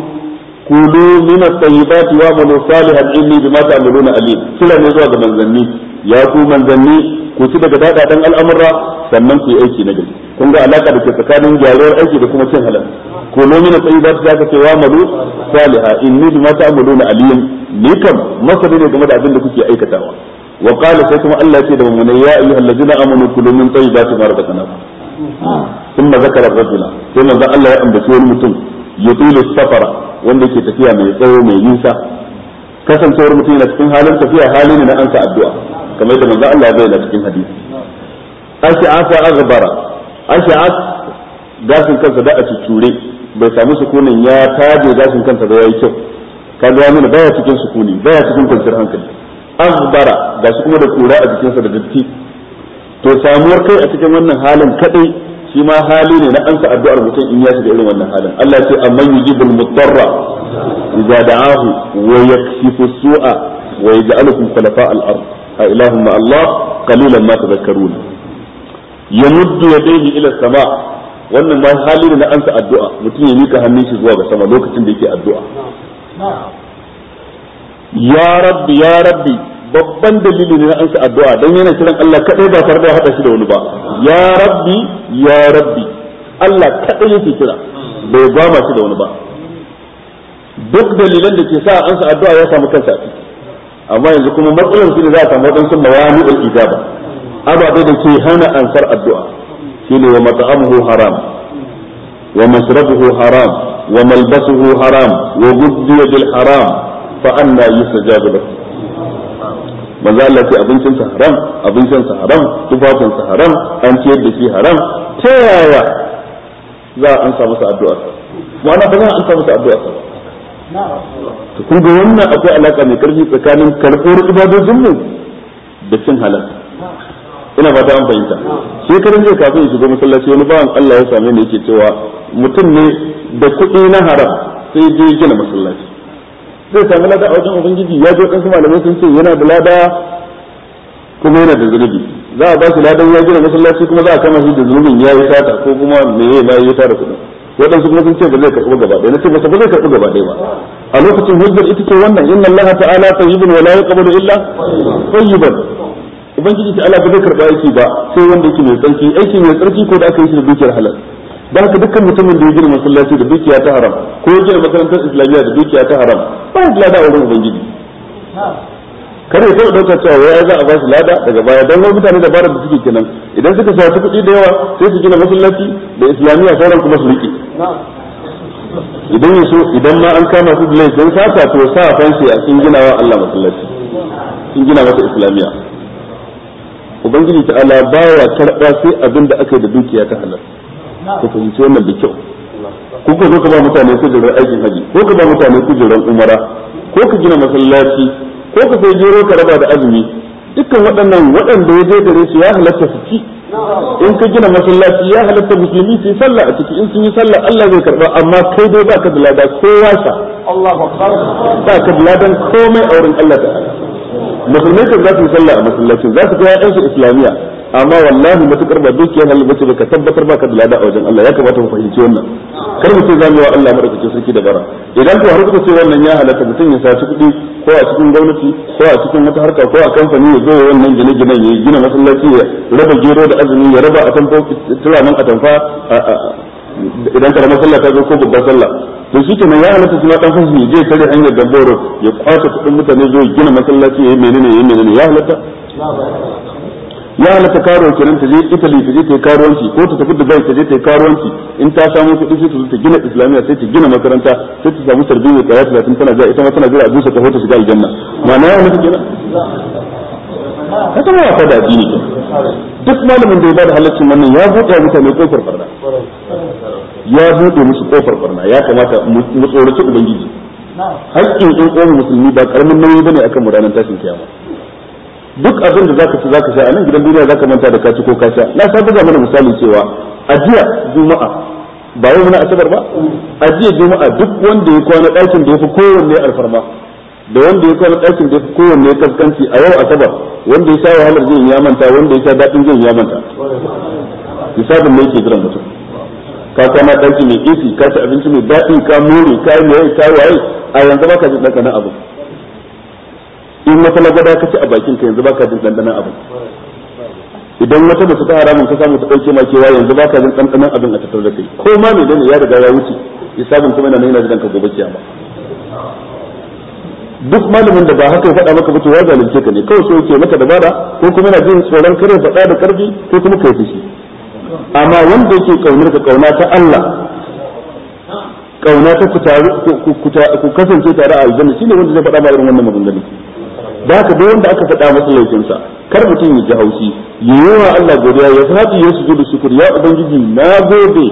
kulu min at-tayyibati wa amalu salihan inni bima ta'maluna alim kira ne zuwa ga manzanni ya ku manzanni ku ci daga dadadan al'amura sannan ku yi aiki na gari kun ga alaka da ke tsakanin gyaruwar aiki da kuma cin halal ko nomina tsayi ba ta ce wa malu saliha inni bima ta'maluna alim ni kam masa ne game da abin da kuke aikatawa wa qala sai kuma Allah ce da mun ya ayyuhal ladina amanu kulu min tayyibati ma razaqnakum ah. thumma zakara rajula sai manzo Allah ya ambaci wani mutum yutilu safara wanda yake tafiya mai tsawo mai nisa kasancewar mutum yana cikin halin tafiya hali ne na an ka addu'a kamar yadda manzo Allah ya bayyana cikin hadisi ash'asa aghbara Asha'a gasin kansa da a cuture bai samu sukunin ya taje gashin kansa ba yayi kyau kaga ya baya cikin sukuni baya cikin kwanciyar hankali azbara ga shi kuma da kura a jikinsa da datti to samuwar kai a cikin wannan halin kadai shi ma hali ne na ansa addu'ar mutum in ya shiga irin wannan halin Allah ce amman yujibul mudarra idza da'ahu wa yakshifu su'a wa yaj'alukum khulafa' al-ard a ilahum ma Allah qalilan ma tadhakkarun yamuddu yadayhi ila as-sama' wannan ma hali na ansa addu'a mutum ya mika hannun shi zuwa ga sama lokacin da yake addu'a ya rabbi ya rabbi babban dalili ne na ansa addu'a dan yana kiran Allah kadai ba tare da hada shi da wani ba ya rabbi ya rabbi Allah kadai yake kira bai ba shi da wani ba duk dalilan da ke sa ansa addu'a ya samu kansa a ciki amma yanzu kuma matsalar shi ne za a samu wadansu mawani'ul ijaba ababe da ke hana ansar addu'a shine wa mat'amuhu haram wa mashrabuhu haram wa malbasuhu haram wa ghuddiya bil haram fa anna yustajabu lahu manzo Allah ce abincin sa haram abincin sa haram tufafin sa haram an ciyar da shi haram ta yaya za a ansa masa addu'a mu ana ba za a ansa masa addu'a ba to kun ga wannan akwai alaka mai karfi tsakanin karɓar ibadojin mu da cin halal ina ba ta an fahimta shi karin jiya kafin in shigo masallaci wani bawan Allah ya same ni yake cewa mutum ne da kuɗi na haram sai je gina masallaci zai sami lada a wajen ubangiji ya je kansu malamai sun ce yana da lada kuma yana da zunubi za a ba shi ladan ya gina masallaci kuma za a kama shi da zunubin ya yi sata ko kuma me ya ma ya tara kuɗi waɗansu kuma sun ce ba zai karɓi gaba ɗaya na ce masa ba zai karɓi gaba ɗaya ba a lokacin hujjar ita ce wannan inna Allah ta'ala tayyibun wa la yaqbalu illa tayyiban ubangiji ta Allah ba zai karba aiki ba sai wanda yake mai tsarki aiki mai tsarki ko da aka yi shi da dukiyar halal da haka dukkan mutumin da ya gina masallaci da dukiya ta haram ko ya gina makarantar islamiyya da dukiya ta haram ba ya lada wurin ubangiji kar ya taɓa ɗaukar cewa wai za a ba su lada daga baya don wani mutane da barar da suke kenan idan suka shafi kuɗi da yawa sai su gina masallaci da islamiyya sauran kuma su rike idan ya so idan ma an kama su da laifin sata to sa fansi a sun gina wa Allah masallaci sun gina masa islamiyya ubangiji ta ala baya karba sai abin da aka yi da dukiya ta halal ku fahimci wannan da kyau ko ka zo ka ba mutane kujerar aikin haji ko ka ba mutane kujerar umara ko ka gina masallaci ko ka sai gero ka raba da azumi dukkan waɗannan waɗanda ya je gare su ya halatta su ci in ka gina masallaci ya halatta musulmi su yi sallah a ciki in sun yi sallah Allah zai karba amma kai dai baka da lada kowa sa ba ka da ladan komai a wurin Allah ta'ala musulmai kan za su yi sallah a masallacin za su kai ƴaƴan su islamiyya amma wallahi matukar ba dukiyar halin bace ka tabbatar ba ka da lada a wajen Allah ya kamata mu fahimci wannan kar mu ce za mu wa Allah sarki da bara idan ko har kuka ce wannan ya halatta mutum ya saci kuɗi ko a cikin gwamnati ko a cikin wata harka ko a kamfani ya zo wannan gine gine ya gina masallaci ya raba gero da azumi ya raba a tamfa nan a tamfa idan karamar sallah ta zo ko babbar sallah to shi kenan ya halatta suna dan fashi je tare hanyar dabboro ya kwata kudin mutane zo ya gina masallaci ya menene ya menene ya halatta ya halatta karo kenan ta je Italy ta je ta karuwanci ko ta tafi Dubai ta je ta karuwanci in ta samu kudi sai ta zo ta gina Islamiyya sai ta gina makaranta sai ta samu sarbi mai tsaya talatin tana jira ita ma tana jira a busa ta hota shiga aljanna ma'ana ya halatta kenan
haka ma ya fada addini
duk malamin da ya bada halaccin wannan ya buɗe mutane ko farda ya bude musu kofar barna ya kamata mu tsoraci ubangiji haƙƙin ɗan ƙofar musulmi ba karamin nauyi bane akan mu ranar tashin kiyama duk abin da zaka ci zaka sha a nan gidan duniya zaka manta da kaci ko ka sha na sa buga mana misali cewa a jiya juma'a ba yau muna asabar ba a jiya juma'a duk wanda ya kwana ɗakin da ya fi kowanne alfarma da wanda ya kwana ɗakin da ya fi kowanne kaskanci a yau asabar wanda ya sha wahalar zai ya manta wanda ya sha daɗin zai ya manta misalin mai ke jiran mutum ka kwana ɗaki mai isi ka ci abinci mai daɗi ka muni ka yi mai ka waye a yanzu ba ka jin ɗanɗanan abu in wata lagwada ka ci a bakin ka yanzu ba ka jin ɗanɗanan abu idan wata mace ta haramun ka samu ta ɗauke ma kewa yanzu ba ka jin ɗanɗanan abin a da kai ko ma mai dane ya riga ya wuce isabin kuma yana nuna jidan ka gobe kiyama duk malamin da ba haka ya faɗa maka ba to ya zalunce ka ne kawai so yake maka dabara ko kuma yana jin tsoron kare faɗa da karfi ko kuma kai fushi amma wanda yake kaunar ka kauna ta Allah kauna ta ku kasance tare a aljanna shine wanda zai faɗa ma irin wannan maganganu da ka duk wanda aka faɗa masa laifinsa kar mutum ya ji haushi yawa Allah godiya ya fadi ya sujudu shukur ya ubangiji na gode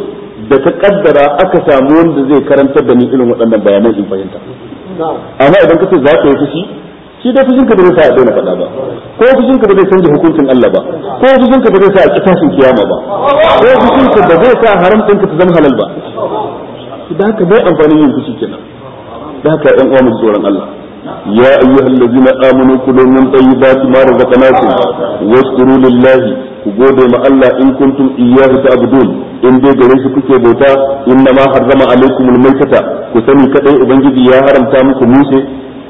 da ka kaddara aka samu wanda zai karantar da ni irin waɗannan bayanan in fahimta amma idan ka ce za ka yi fushi shi dai fushin ka ba zai sa a daina faɗa ba ko fushin ka ba zai canza hukuncin Allah ba ko fushin ka ba zai sa a kitashin kiyama ba ko fushin ka ba zai sa haram ɗin ka ta zama halal ba da haka bai amfanin yin fushi kenan da haka ƴan uwa mu tsoron Allah Ya يا أيها الذين آمنوا كلوا من طيبات ما رزقناكم lillahi ku gode ma Allah in kuntum iyyahu ta'budun in dai gare shi kuke bauta inna ma harrama alaikum almaytata ku sani kadai ubangiji ya haramta muku mushe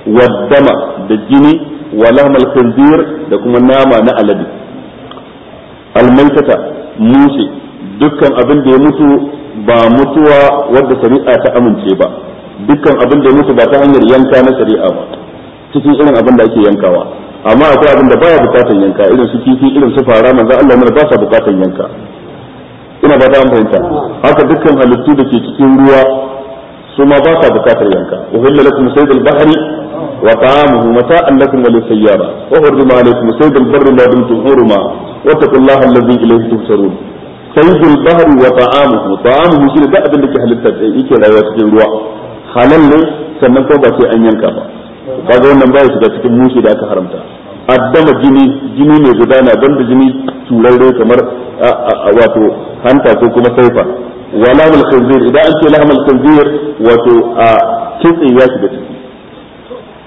waddama da jini wa lahmal khinzir da kuma nama na alade almaitata musi dukkan abin da ya mutu ba mutuwa wadda shari'a ta amince ba dukkan abin da ya mutu ba ta hanyar yanka na shari'a ba cikin irin abin da ake yankawa amma akwai abin da baya bukatan yanka irin su kifi irin su fara manzo Allah ne ba sa bukatan yanka ina ba ta fahimta haka dukkan halittu da ke cikin ruwa su ma ba sa bukatar yanka wa hilla lakum sayd al-bahri wa ta'amuhu mata'an lakum wa lisayyara wa hurrima alaykum sayd al-barri ma dumtum hurma wa taqullaha alladhi ilayhi tuhsarun sayd al-bahri wa ta'amuhu ta'amuhu shi da abin da ke halitta eh, yake rayuwa cikin ruwa halal ne sannan ko ba sai an yanka ba kaga wannan baya da cikin mushi da aka haramta addama jini jini mai gudana banda jini turarre kamar wato hanta ko kuma saifa wa lahmul khinzir idan an ce lahmul khinzir wato a kitse ya shiga ciki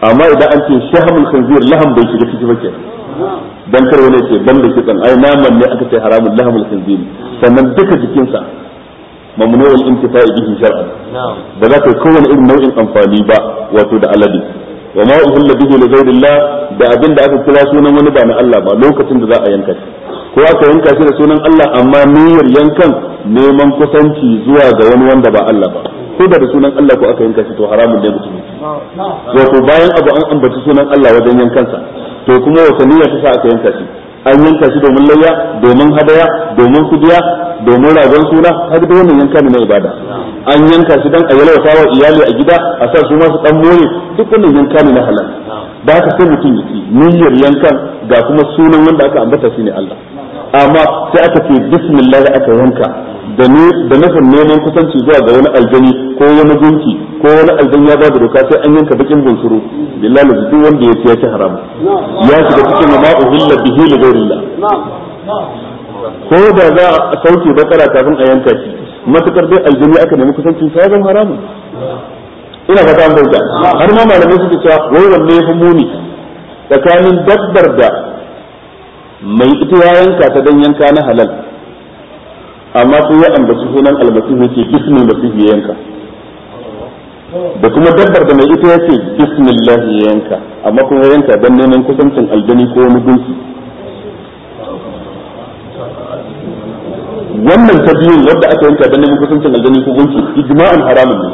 amma idan an ce shahmul bai shiga ciki ba kenan dan kar wani ce ban da kitsan ai naman ne aka ce haramun lahmul khinzir sannan duka jikinsa mamnu'ul intifa'i bihi shar'an ba za ka kowane irin nau'in amfani ba wato da alade wa ma uhilla bihi li ghayrillah da abin da aka kira sunan wani ba na Allah ba lokacin da za a yanka shi ko aka yanka shi da sunan Allah amma niyyar yankan neman kusanci zuwa ga wani wanda ba Allah ba ko da sunan Allah ko aka yanka shi to haramun ne mutum wato bayan abu an ambaci sunan Allah wajen yankansa to kuma wata niyyar ta sa aka yanka shi an yanka shi domin layya domin hadaya domin kudiya domin ragon suna har da wannan yanka ne na ibada an yanka shi dan a yalwata wa iyali a gida a sa su masu dan more duk wannan yanka ne na halal Ba ka sai mutum yake niyyar yankan ga kuma sunan wanda aka ambata ne Allah amma sai aka ce bismillah aka yanka da nufin neman kusanci zuwa ga wani aljani ko wani gunki ko wani aljani ya bada doka sai an yanka bakin bunsuru billahi duk wanda ya ci ya ci haram ya shiga cikin ma uhilla bihi li ghairillah ko da za a sauke bakara kafin a yanka shi matukar dai aljani aka nemi kusanci sai zan haramun ina ba ta an bauta har ma malamai suke cewa wai wanne ya fi muni tsakanin dabbar da mai ita ya yanka ta dan yanka na halal amma sai ya ambaci sunan almasihu ce bismi masihi yanka da kuma dabbar da mai ita ya ce bismillah yanka amma kuma yanka dan neman kusancin aljani ko wani gunki wannan ta biyun wadda aka yanka don neman kusancin aljani ko gunki ijma'an haramun ne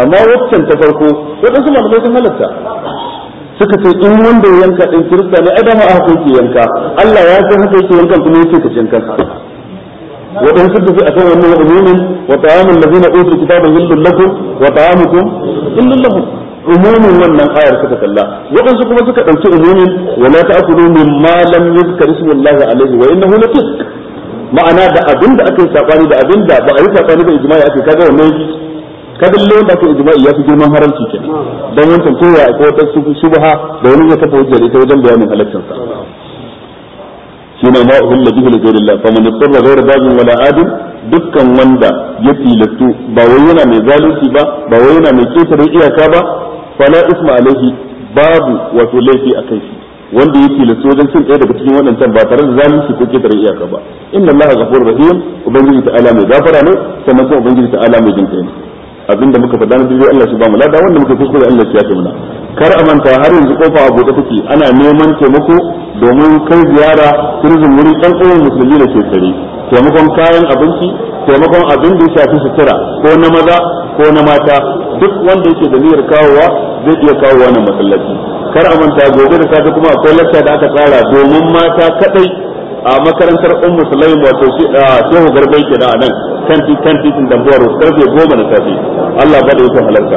amma waccan ta farko waɗansu malamai sun halatta suka ce in wanda yanka din kirista ne adama a haka yake yanka Allah ya san haka yake yanka kuma yake ka cinkan wadan suka fi akan wannan umumin wa ta'amul ladina utul kitaba yillul lakum wa ta'amukum illul lakum umumin wannan ayar suka kalla waɗansu kuma suka dauki umumin wala ta'kulu mimma lam yuzkar ismullahi alaihi wa innahu lakum ma'ana da abinda aka yi sabani da abinda ba a yi sabani da ijma'i aka kaga wannan kaga lalle ka aka ijma'i ya fi girman haramci kenan dan wancan kowa ko ta shubha da wani ya kafa hujjar ita wajen bayanin halaccin sa shine ma uhilla bihi li ghayrillah faman istarra ghayra baghin wala adin dukkan wanda ya tilattu ba wai yana mai zalunci ba ba wai yana mai ketare iyaka ba fala isma alaihi babu wato laifi a shi wanda ya tilattu wajen cin ɗaya daga cikin waɗancan ba tare da zalunci ko ketare iyaka ba inna allaha ghafurur rahim ubangiji ta'ala mai gafara ne sannan kuma ubangiji ta'ala mai jinkai ne binda muka faɗa na dai Allah shi ba mu lada wanda muka kuskure Allah shi ya ce mana kar a manta har yanzu kofa a buɗe take ana neman taimako domin kai ziyara turizm wurin ɗan uwan musulmi da ke tsare taimakon kayan abinci taimakon abin da ya shafi sutura ko na maza ko na mata duk wanda yake da niyyar kawowa zai iya kawo na masallaci kar a manta gobe da safe kuma akwai lacca da aka tsara domin mata kadai a makarantar ummu sulaim wato shi shehu garbai ke anan kan titin dambuwar karfe goma na safe Allah ba da yake
halarta